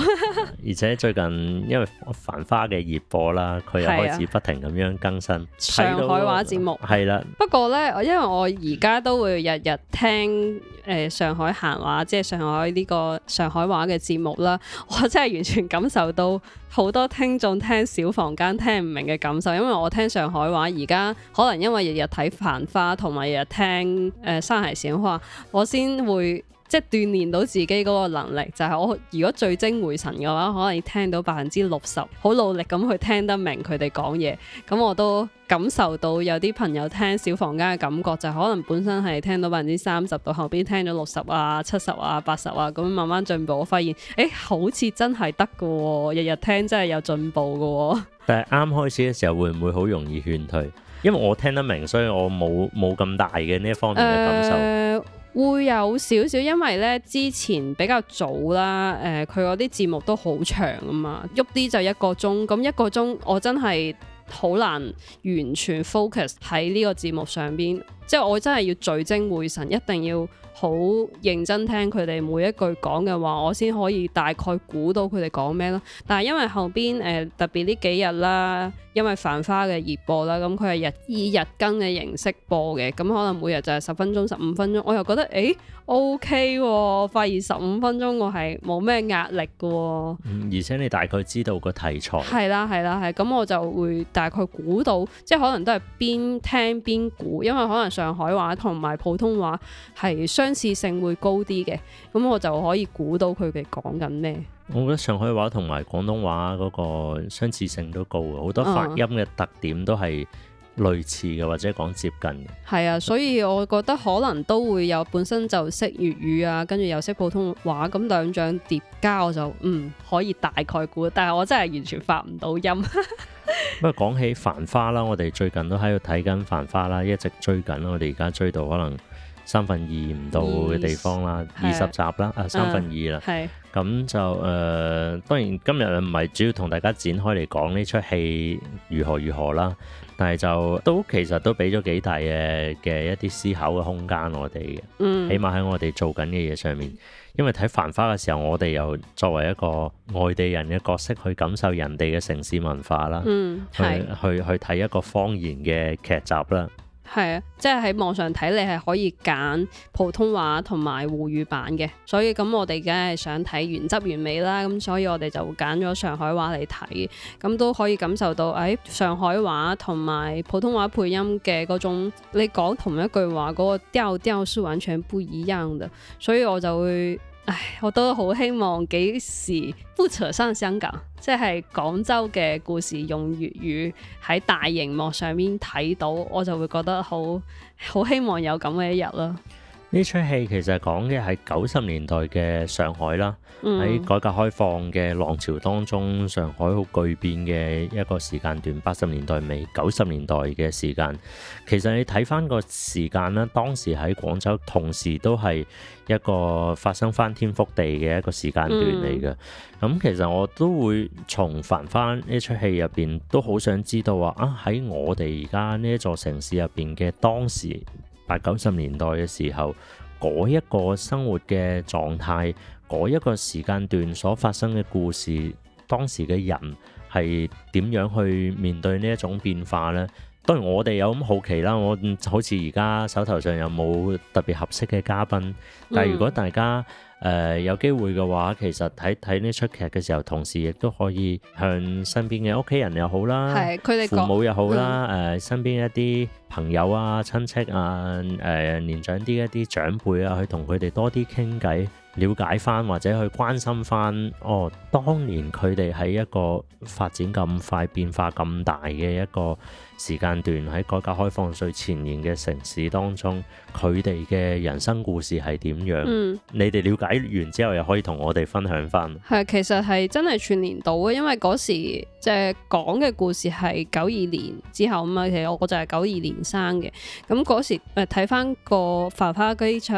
而且最近因為繁花嘅熱播啦，佢又開始不停咁樣更新、啊、上海話節目，係啦、嗯。啊、不過咧，因為我而家都會日日聽誒、呃、上海閒話，即、就、係、是、上海呢個上海話嘅節目啦，我真係完全感受到好多聽眾聽小房間聽唔明嘅感受，因為我聽。上海話而家可能因為日日睇繁花同埋日日聽誒、呃、山鞋小花，我先會。即係鍛煉到自己嗰個能力，就係我如果聚精會神嘅話，可能聽到百分之六十，好努力咁去聽得明佢哋講嘢。咁我都感受到有啲朋友聽小房間嘅感覺，就係可能本身係聽到百分之三十，到後邊聽咗六十啊、七十啊、八十啊咁慢慢進步。我發現，誒，好似真係得噶，日日聽真係有進步噶。但係啱開始嘅時候會唔會好容易勸退？因為我聽得明，所以我冇冇咁大嘅呢一方面嘅感受。呃會有少少，因為咧之前比較早啦，誒佢嗰啲節目都好長啊嘛，喐啲就一個鐘，咁一個鐘我真係好難完全 focus 喺呢個節目上邊，即係我真係要聚精會神，一定要。好認真聽佢哋每一句講嘅話，我先可以大概估到佢哋講咩咯。但係因為後邊誒、呃、特別呢幾日啦，因為繁花嘅熱播啦，咁佢係日以日更嘅形式播嘅，咁、嗯、可能每日就係十分鐘十五分鐘，我又覺得誒、欸、OK 喎、啊，我發現十五分鐘我係冇咩壓力嘅喎、啊嗯。而且你大概知道個題材。係啦、啊，係啦、啊，係咁、啊、我就會大概估到，即係可能都係邊聽邊估，因為可能上海話同埋普通話係相。相似性會高啲嘅，咁我就可以估到佢哋講緊咩。我覺得上海話同埋廣東話嗰個相似性都高，好多發音嘅特點都係類似嘅，或者講接近嘅。係、嗯、啊，所以我覺得可能都會有本身就識粵語啊，跟住又識普通話，咁兩張疊加，我就嗯可以大概估。但係我真係完全發唔到音。不過講起繁花啦，我哋最近都喺度睇緊繁花啦，一直追緊，我哋而家追到可能。三分二唔到嘅地方啦，二十，二十集啦，啊三分二啦，咁、啊、就誒、呃、當然今日唔係主要同大家展開嚟講呢出戲如何如何啦，但係就都其實都俾咗幾大嘅嘅一啲思考嘅空間我哋嘅，嗯、起碼喺我哋做緊嘅嘢上面，因為睇繁花嘅時候，我哋又作為一個外地人嘅角色去感受人哋嘅城市文化啦，嗯、去去去睇一個方言嘅劇集啦。係啊，即係喺網上睇你係可以揀普通話同埋滬語版嘅，所以咁我哋梗係想睇原汁原味啦，咁所以我哋就揀咗上海話嚟睇，咁都可以感受到誒、哎、上海話同埋普通話配音嘅嗰種，你講同一句話嗰、那個調調是完全唔一樣嘅，所以我就會。唉，我都好希望幾時唔扯上香港，即係廣州嘅故事用粵語喺大熒幕上面睇到，我就會覺得好好希望有咁嘅一日囉。呢出戲其實講嘅係九十年代嘅上海啦，喺、嗯、改革開放嘅浪潮當中，上海好巨變嘅一個時間段，八十年代尾九十年代嘅時間，其實你睇翻個時間啦，當時喺廣州同時都係一個發生翻天覆地嘅一個時間段嚟嘅。咁、嗯嗯、其實我都會重返翻呢出戲入邊，都好想知道話啊，喺我哋而家呢一座城市入邊嘅當時。八九十年代嘅時候，嗰一個生活嘅狀態，嗰一個時間段所發生嘅故事，當時嘅人係點樣去面對呢一種變化呢？當然我哋有咁好奇啦，我好似而家手頭上有冇特別合適嘅嘉賓？嗯。但係如果大家，誒、呃、有機會嘅話，其實睇睇呢出劇嘅時候，同時亦都可以向身邊嘅屋企人又好啦，係父母又好啦，誒、嗯呃、身邊一啲朋友啊、親戚啊、誒、呃、年長啲一啲長輩啊，去同佢哋多啲傾偈，了解翻或者去關心翻，哦，當年佢哋喺一個發展咁快、變化咁大嘅一個時間段喺改革開放最前沿嘅城市當中，佢哋嘅人生故事係點樣？嗯、你哋了解完之後，又可以同我哋分享翻。係，其實係真係串聯到嘅，因為嗰時即係、就是、講嘅故事係九二年之後啊，其實我就係九二年生嘅，咁嗰時睇翻、呃、個繁花劇劇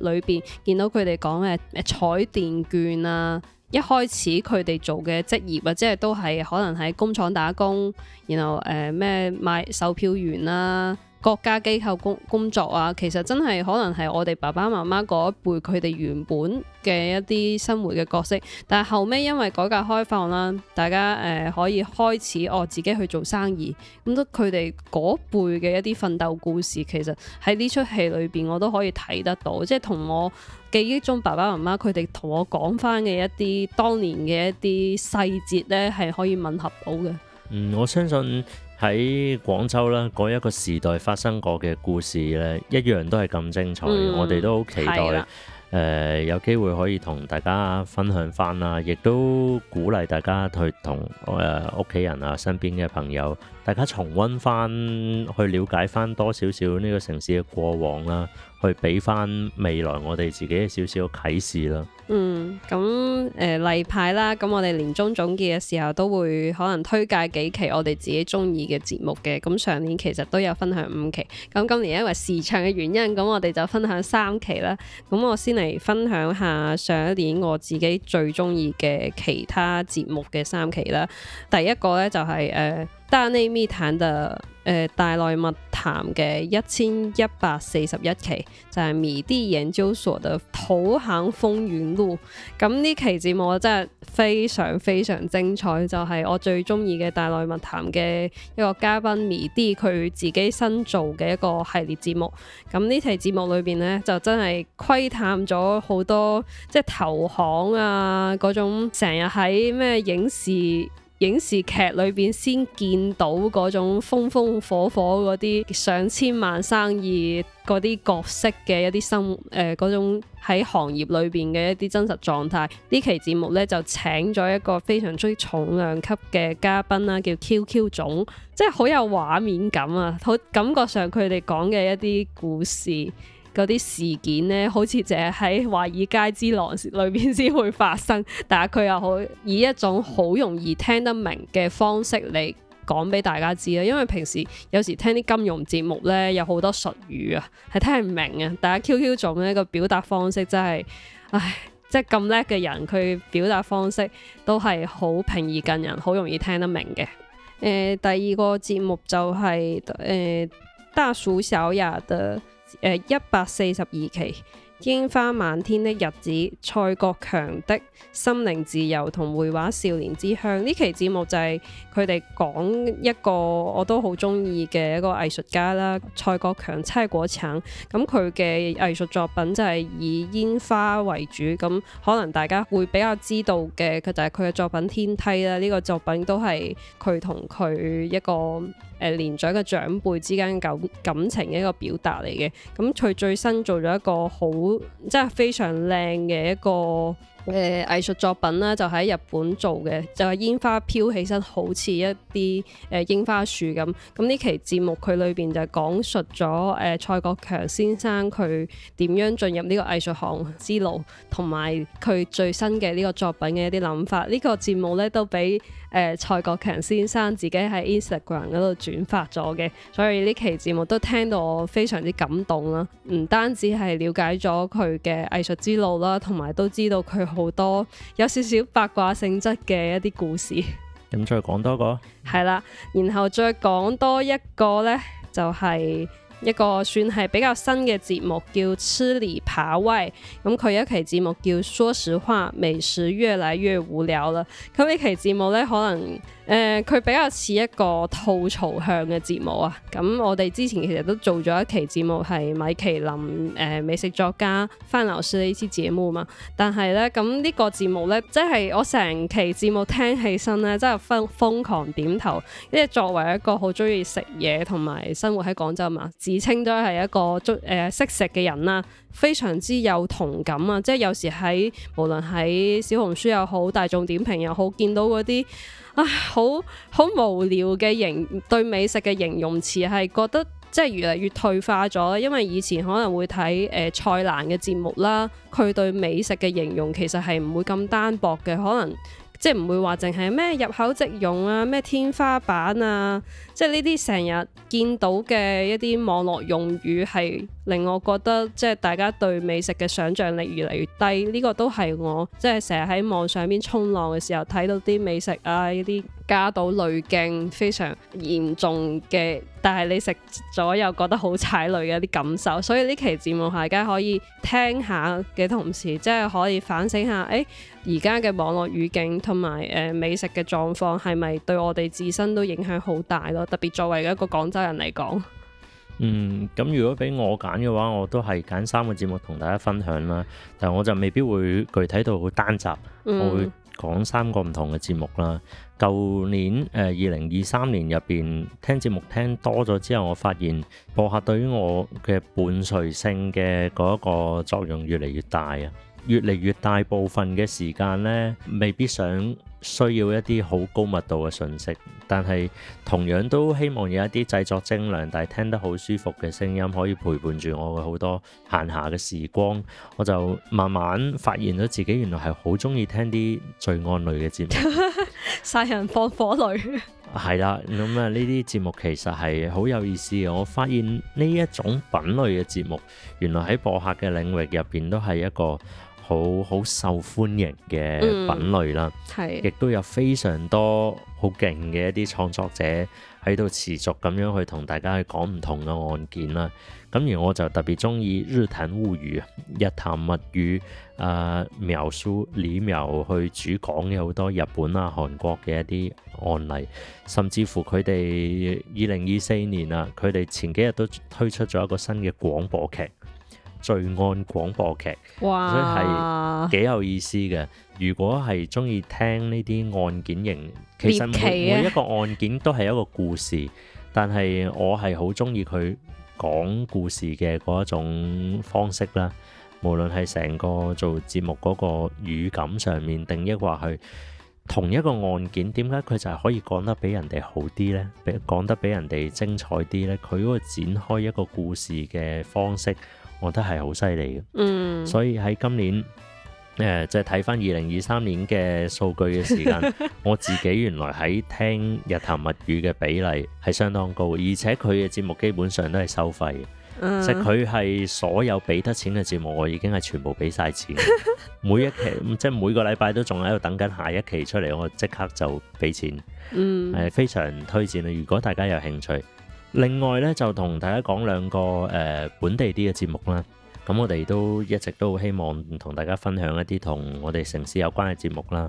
裏邊，見到佢哋講嘅誒彩電券啊。一開始佢哋做嘅職業啊，即係都係可能喺工廠打工，然後誒咩賣售票員啦、啊、國家機構工工作啊，其實真係可能係我哋爸爸媽媽嗰一輩佢哋原本嘅一啲生活嘅角色。但係後尾因為改革開放啦，大家誒、呃、可以開始我自己去做生意，咁都佢哋嗰一輩嘅一啲奮鬥故事，其實喺呢出戲裏邊我都可以睇得到，即係同我記憶中，爸爸媽媽佢哋同我講翻嘅一啲當年嘅一啲細節咧，係可以吻合到嘅。嗯，我相信喺廣州啦，嗰一個時代發生過嘅故事咧，一樣都係咁精彩。嗯、我哋都好期待誒的、呃，有機會可以同大家分享翻啦！亦都鼓勵大家去同誒屋企人啊、身邊嘅朋友，大家重溫翻去了解翻多少少呢個城市嘅過往啦。去俾翻未來我哋自己少少啟示啦。嗯，咁誒、呃、例牌啦，咁我哋年終總結嘅時候都會可能推介幾期我哋自己中意嘅節目嘅。咁上年其實都有分享五期，咁今年因為時長嘅原因，咁我哋就分享三期啦。咁我先嚟分享下上一年我自己最中意嘅其他節目嘅三期啦。第一個呢、就係，就係誒。的大內密談的誒大內密談嘅一千一百四十一期，就係米地研究所嘅《投行風雲錄》。咁呢期節目真係非常非常精彩，就係、是、我最中意嘅大內密談嘅一個嘉賓米地，佢自己新做嘅一個系列節目。咁呢期節目裏邊呢，就真係窺探咗好多即係投行啊，嗰種成日喺咩影視。影視劇裏邊先見到嗰種風風火火嗰啲上千萬生意嗰啲角色嘅一啲生活嗰、呃、種喺行業裏邊嘅一啲真實狀態，呢期節目呢，就請咗一個非常之重量級嘅嘉賓啦，叫 QQ 總，即係好有畫面感啊，好感覺上佢哋講嘅一啲故事，嗰啲事件咧，好似淨係喺《華爾街之狼》裏邊先會發生，但係佢又好以一種好容易聽得明嘅方式嚟講俾大家知啦。因為平時有時聽啲金融節目咧，有好多術語啊，係聽唔明啊。但係 QQ 總咧個表達方式真係，唉，即係咁叻嘅人，佢表達方式都係好平易近人，好容易聽得明嘅。誒、呃，第二個節目就係誒大俗小雅嘅。誒，一百四十二期《櫻花滿天的日子》，蔡國強的心靈自由同繪畫少年之鄉，呢期節目就係佢哋講一個我都好中意嘅一個藝術家啦，蔡國強，七果橙。咁佢嘅藝術作品就係以煙花為主，咁可能大家會比較知道嘅佢就係佢嘅作品《天梯》啦，呢個作品都係佢同佢一個。誒，年長嘅長輩之間感、感情嘅一個表達嚟嘅，咁佢最新做咗一個好、即係非常靚嘅一個。誒、呃、藝術作品咧就喺日本做嘅，就係、是、煙花飄起身好似一啲誒、呃、櫻花樹咁。咁呢期節目佢裏邊就講述咗誒、呃、蔡國強先生佢點樣進入呢個藝術行之路，同埋佢最新嘅呢個作品嘅一啲諗法。呢、這個節目咧都俾誒、呃、蔡國強先生自己喺 Instagram 嗰度轉發咗嘅，所以呢期節目都聽到我非常之感動啦。唔單止係了解咗佢嘅藝術之路啦，同埋都知道佢。好多有少少八卦性質嘅一啲故事，咁再講多個，係啦， 然後再講多一個呢就係、是、一個算係比較新嘅節目，叫吃裏扒外。咁、嗯、佢一期節目叫說實話，美食越嚟越無聊啦。咁呢期節目呢，可能。誒佢、呃、比較似一個吐槽向嘅節目啊，咁、嗯、我哋之前其實都做咗一期節目係米其林誒、呃、美食作家翻老師呢次節目啊嘛，但係咧咁呢、嗯這個節目咧，即係我成期節目聽起身咧，真係瘋瘋狂點頭，因為作為一個好中意食嘢同埋生活喺廣州嘛，自稱都係一個中誒、呃、識食嘅人啦，非常之有同感啊！即係有時喺無論喺小紅書又好，大眾點評又好，見到嗰啲。唉，好好無聊嘅形對美食嘅形容詞係覺得即係越嚟越退化咗，因為以前可能會睇誒蔡瀾嘅節目啦，佢對美食嘅形容其實係唔會咁單薄嘅，可能。即係唔會話淨係咩入口即溶啊，咩天花板啊，即係呢啲成日見到嘅一啲網絡用語係令我覺得即係大家對美食嘅想像力越嚟越低，呢個都係我即係成日喺網上邊沖浪嘅時候睇到啲美食啊呢啲。加到濾鏡非常嚴重嘅，但係你食咗又覺得好踩雷嘅一啲感受，所以呢期節目大家可以聽下嘅同時，即係可以反省下，誒而家嘅網絡語境同埋誒美食嘅狀況，係咪對我哋自身都影響好大咯？特別作為一個廣州人嚟講，嗯，咁如果俾我揀嘅話，我都係揀三個節目同大家分享啦。但係我就未必會具體到好單集，嗯、我會。講三個唔同嘅節目啦。舊年誒二零二三年入邊聽節目聽多咗之後，我發現播客對於我嘅伴隨性嘅嗰一個作用越嚟越大啊！越嚟越大，越越大部分嘅時間呢，未必想需要一啲好高密度嘅信息，但係同樣都希望有一啲製作精良、但係聽得好舒服嘅聲音可以陪伴住我嘅好多閒暇嘅時光。我就慢慢發現咗自己原來係好中意聽啲罪案類嘅節目，殺 人放火類。係 啦，咁啊呢啲節目其實係好有意思嘅。我發現呢一種品類嘅節目，原來喺播客嘅領域入邊都係一個。好好受歡迎嘅品類啦，係、嗯，亦都有非常多好勁嘅一啲創作者喺度持續咁樣去同大家去講唔同嘅案件啦。咁而我就特別中意日談物語、日談物語啊，苗舒廉苗去主講嘅好多日本啊、韓國嘅一啲案例，甚至乎佢哋二零二四年啊，佢哋前幾日都推出咗一個新嘅廣播劇。罪案廣播劇，哇所以係幾有意思嘅。如果係中意聽呢啲案件型，其實每,、啊、每一個案件都係一個故事。但係我係好中意佢講故事嘅嗰一種方式啦。無論係成個做節目嗰個語感上面，定抑或係同一個案件，點解佢就係可以講得比人哋好啲呢？講得比人哋精彩啲呢？佢嗰個展開一個故事嘅方式。我覺得係好犀利嘅，嗯、所以喺今年，誒即係睇翻二零二三年嘅數據嘅時間， 我自己原來喺聽日談物語嘅比例係相當高，而且佢嘅節目基本上都係收費嘅，嗯、即係佢係所有俾得錢嘅節目，我已經係全部俾晒錢。 每一期即係每個禮拜都仲喺度等緊下一期出嚟，我即刻就俾錢。嗯，係、呃、非常推薦你，如果大家有興趣。另外咧，就同大家講兩個誒本地啲嘅節目啦。咁我哋都一直都好希望同大家分享一啲同我哋城市有關嘅節目啦。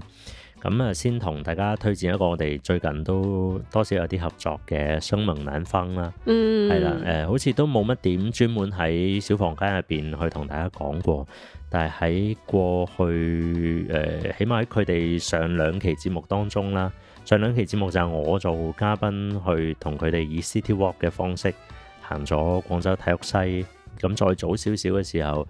咁啊，先同大家推薦一個我哋最近都多少有啲合作嘅聲猛南方啦。嗯。係啦，誒，好似都冇乜點專門喺小房間入邊去同大家講過，但係喺過去誒，起碼喺佢哋上兩期節目當中啦。上兩期節目就係我做嘉賓去同佢哋以 City Walk 嘅方式行咗廣州體育西，咁再早少少嘅時候，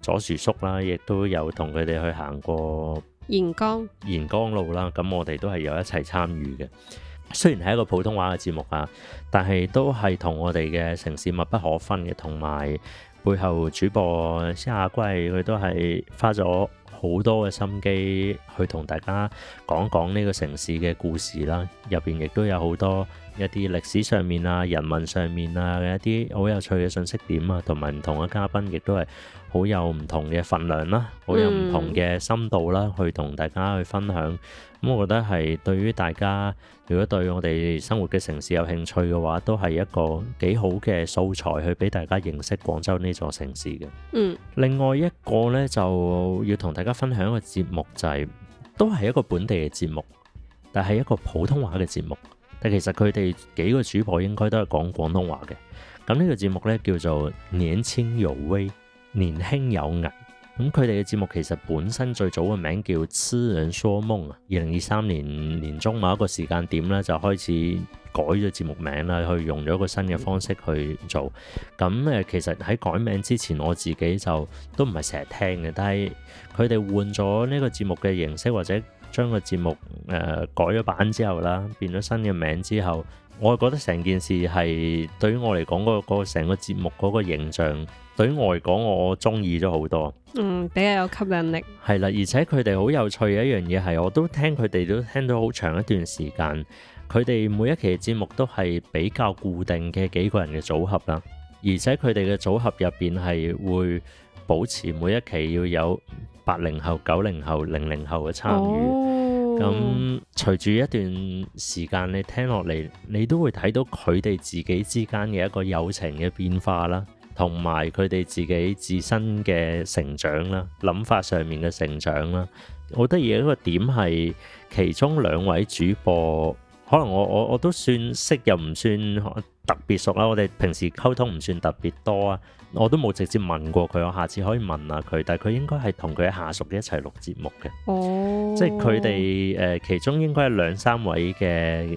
左樹叔叔啦，亦都有同佢哋去行過沿江沿江路啦，咁我哋都係有一齊參與嘅。雖然係一個普通話嘅節目啊，但係都係同我哋嘅城市密不可分嘅，同埋背後主播施亞圭佢都係花咗。好多嘅心機去同大家講講呢個城市嘅故事啦，入邊亦都有好多一啲歷史上面啊、人文上面啊嘅一啲好有趣嘅信息點啊，同埋唔同嘅嘉賓亦都係。好有唔同嘅份量啦，好有唔同嘅深度啦，去同大家去分享。咁，我覺得係對於大家，如果對我哋生活嘅城市有興趣嘅話，都係一個幾好嘅素材去俾大家認識廣州呢座城市嘅。嗯，另外一個咧就要同大家分享一個節目，就係都係一個本地嘅節目，但係一個普通話嘅節目。但其實佢哋幾個主播應該都係講廣東話嘅。咁呢個節目咧叫做《年青有危》。年青有危，咁佢哋嘅節目其實本身最早嘅名叫《痴人說夢》啊。二零二三年年中某一個時間點咧，就開始改咗節目名啦，去用咗個新嘅方式去做。咁誒、呃，其實喺改名之前，我自己就都唔係成日聽嘅。但係佢哋換咗呢個節目嘅形式，或者將個節目誒、呃、改咗版之後啦，變咗新嘅名之後，我係覺得成件事係對於我嚟講，嗰、嗰個成、嗰個、個節目嗰個形象。對於我嚟講，我中意咗好多，嗯，比較有吸引力係啦。而且佢哋好有趣嘅一樣嘢係，我都聽佢哋都聽到好長一段時間。佢哋每一期嘅節目都係比較固定嘅幾個人嘅組合啦。而且佢哋嘅組合入邊係會保持每一期要有八零後、九零後、零零後嘅參與。咁、哦嗯、隨住一段時間，你聽落嚟，你都會睇到佢哋自己之間嘅一個友情嘅變化啦。同埋佢哋自己自身嘅成長啦，諗法上面嘅成長啦，好得意嘅一個點係其中兩位主播，可能我我我都算識又唔算特別熟啦，我哋平時溝通唔算特別多啊，我都冇直接問過佢，我下次可以問下佢，但係佢應該係同佢下屬一齊錄節目嘅，哦，即係佢哋誒其中應該係兩三位嘅，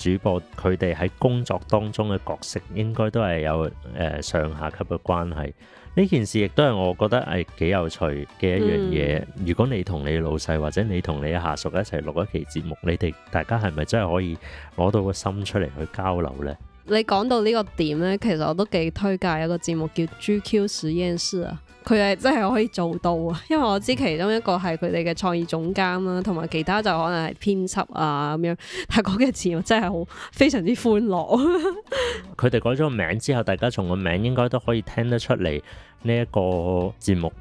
主播佢哋喺工作當中嘅角色應該都係有誒、呃、上下級嘅關係，呢件事亦都係我覺得係幾有趣嘅一樣嘢。嗯、如果你同你老細或者你同你下屬一齊錄一期節目，你哋大家係咪真係可以攞到個心出嚟去交流咧？你講到呢個點呢，其實我都幾推介一個節目叫《GQ 實驗室》啊。佢係真係可以做到啊，因為我知其中一個係佢哋嘅創意總監啦，同埋其他就可能係編輯啊咁樣。但係嗰個節目真係好非常之歡樂。佢 哋改咗個名之後，大家從個名應該都可以聽得出嚟呢一個節目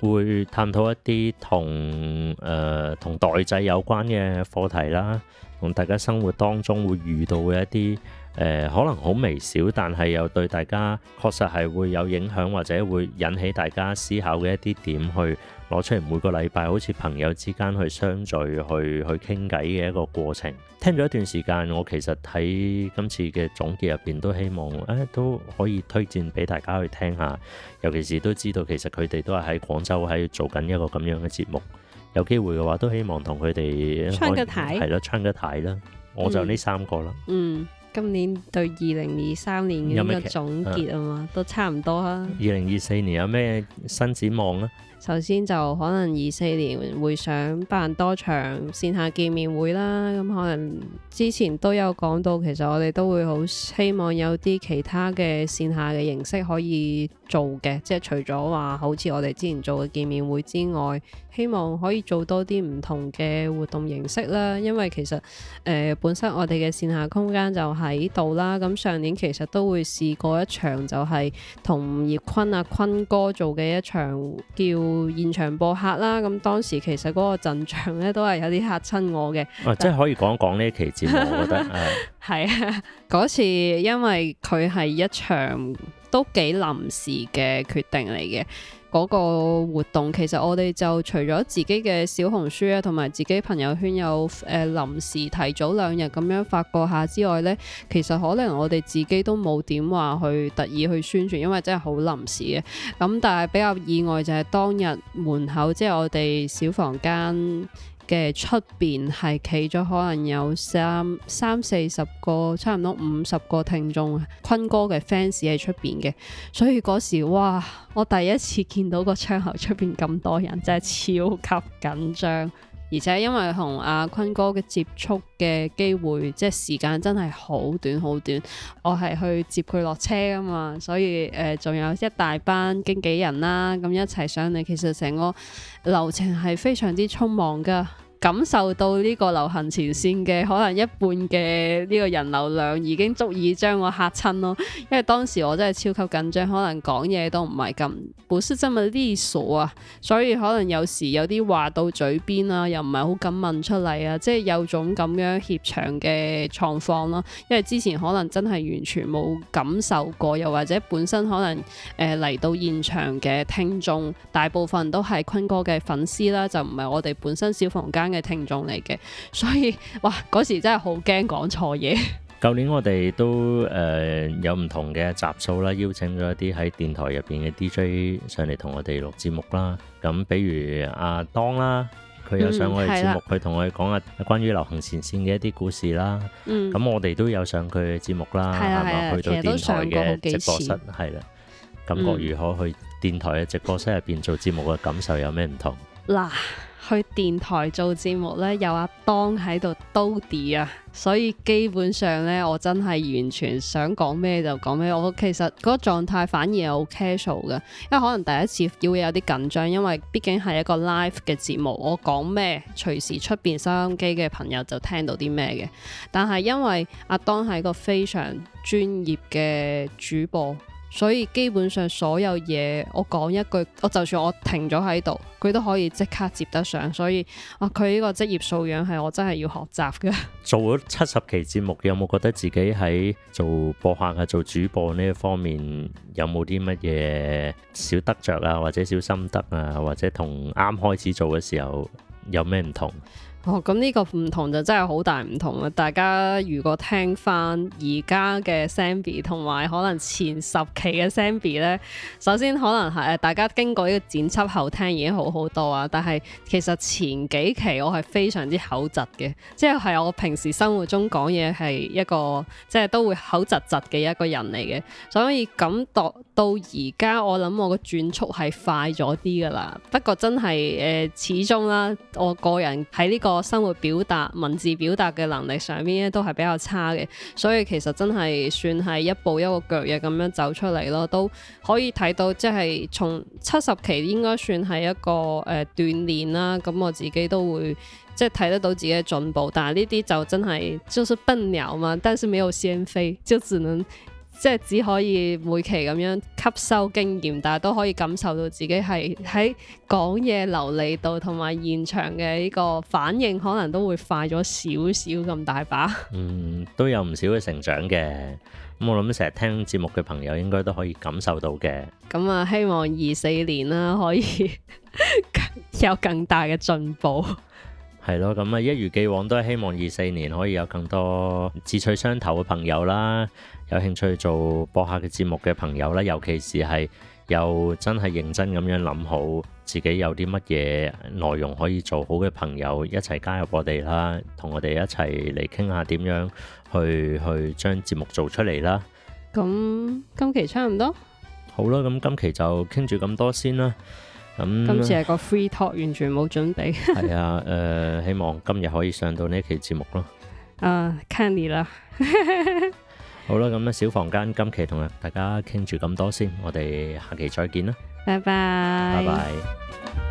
會探討一啲同誒同代際有關嘅課題啦，同大家生活當中會遇到嘅一啲。誒、呃，可能好微小，但係又對大家確實係會有影響，或者會引起大家思考嘅一啲點去攞出嚟。每個禮拜好似朋友之間去相聚，去去傾偈嘅一個過程。聽咗一段時間，我其實喺今次嘅總結入邊都希望誒、哎，都可以推薦俾大家去聽下。尤其是都知道其實佢哋都係喺廣州喺做緊一個咁樣嘅節目，有機會嘅話都希望同佢哋係咯，串個台啦。我就呢三個啦、嗯。嗯。今年對二零二三年嘅呢個總結啊嘛， 都差唔多啦。二零二四年有咩新展望呢、啊？首先就可能二四年會想辦多場線下見面會啦，咁可能之前都有講到，其實我哋都會好希望有啲其他嘅線下嘅形式可以做嘅，即係除咗話好似我哋之前做嘅見面會之外，希望可以做多啲唔同嘅活動形式啦。因為其實誒、呃、本身我哋嘅線下空間就喺度啦，咁上年其實都會試過一場就係同葉坤啊坤哥做嘅一場叫現場播客啦，咁當時其實嗰個陣仗咧都係有啲嚇親我嘅。啊、但即係可以講一講呢期節目，我覺得係。係 啊， 啊，嗰次因為佢係一場。都幾臨時嘅決定嚟嘅嗰個活動，其實我哋就除咗自己嘅小紅書啊，同埋自己朋友圈有誒、呃、臨時提早兩日咁樣發過下之外呢，其實可能我哋自己都冇點話去特意去宣傳，因為真係好臨時嘅。咁但係比較意外就係當日門口即係、就是、我哋小房間。嘅出邊係企咗可能有三三四十個，差唔多五十個聽眾，坤哥嘅 fans 喺出邊嘅，所以嗰時哇，我第一次見到個窗口出邊咁多人，真係超級緊張。而且因為同阿坤哥嘅接觸嘅機會，即係時間真係好短好短，我係去接佢落車噶嘛，所以誒仲、呃、有一大班經紀人啦，咁一齊上嚟，其實成個流程係非常之匆忙噶。感受到呢個流行前線嘅可能一半嘅呢個人流量已經足以將我吓親咯，因為當時我真係超級緊張，可能講嘢都唔係咁本身真係啲傻啊，所以可能有時有啲話到嘴邊啊又唔係好敢問出嚟啊，即係有種咁樣怯場嘅狀況咯。因為之前可能真係完全冇感受過，又或者本身可能誒嚟、呃、到現場嘅聽眾大部分都係坤哥嘅粉絲啦，就唔係我哋本身小房間。嘅聽眾嚟嘅，所以哇，嗰時真係好驚講錯嘢。舊年我哋都誒有唔同嘅集數啦，邀請咗一啲喺電台入邊嘅 DJ 上嚟同我哋錄節目啦。咁比如阿當啦，佢有上我哋節目，佢同我哋講下關於流行前綫嘅一啲故事啦。嗯，咁我哋都有上佢嘅節目啦，係嘛？去到電台嘅直播室，係啦。感覺如何，去電台嘅直播室入邊做節目嘅感受有咩唔同？嗱，去電台做節目呢，有阿當喺度兜底啊， 所以基本上呢，我真係完全想講咩就講咩，我其實嗰個狀態反而係好 casual 嘅，因為可能第一次要會有啲緊張，因為畢竟係一個 live 嘅節目，我講咩隨時出邊收音機嘅朋友就聽到啲咩嘅，但係因為阿當係一個非常專業嘅主播。所以基本上所有嘢，我講一句，我就算我停咗喺度，佢都可以即刻接得上。所以啊，佢呢個職業素養係我真係要學習嘅。做咗七十期節目，有冇覺得自己喺做播客啊、做主播呢一方面有冇啲乜嘢小得着啊，或者小心得啊，或者同啱開始做嘅時候有咩唔同？哦，咁呢個唔同就真係好大唔同啦！大家如果聽翻而家嘅 Samby 同埋可能前十期嘅 Samby 呢，首先可能係、呃、大家經過呢個剪輯後聽已經好好多啊。但係其實前幾期我係非常之口窒嘅，即係係我平時生活中講嘢係一個即係都會口窒窒嘅一個人嚟嘅。所以感覺到而家我諗我個轉速係快咗啲噶啦。不過真係誒、呃，始終啦，我個人喺呢、呢個。個生活表達、文字表達嘅能力上面咧都係比較差嘅，所以其實真係算係一步一個腳印咁樣走出嚟咯，都可以睇到即係從七十期應該算係一個誒鍛煉啦。咁我自己都會即係睇得到自己嘅進步。但係呢啲就真係就是笨鳥嘛，但是沒有先飛就只能。即係只可以每期咁樣吸收經驗，但係都可以感受到自己係喺講嘢流利度同埋現場嘅呢個反應，可能都會快咗少少咁大把。嗯，都有唔少嘅成長嘅。咁、嗯、我諗成日聽節目嘅朋友應該都可以感受到嘅。咁啊、嗯，希望二四年啦、啊、可以 有更大嘅進步。係咯，咁啊，一如既往都係希望二四年可以有更多志趣相投嘅朋友啦。有興趣做播客嘅節目嘅朋友啦，尤其是係又真係認真咁樣諗好自己有啲乜嘢內容可以做好嘅朋友，一齊加入我哋啦，同我哋一齊嚟傾下點樣去去將節目做出嚟啦。咁今期差唔多，好啦，咁今期就傾住咁多先啦。咁、嗯、今次係個 free talk，完全冇準備。係 啊，誒、呃，希望今日可以上到呢一期節目咯。啊，n、uh, 看你啦。 好啦，咁呢小房間今期同大家傾住咁多先，我哋下期再見啦，拜拜，拜拜。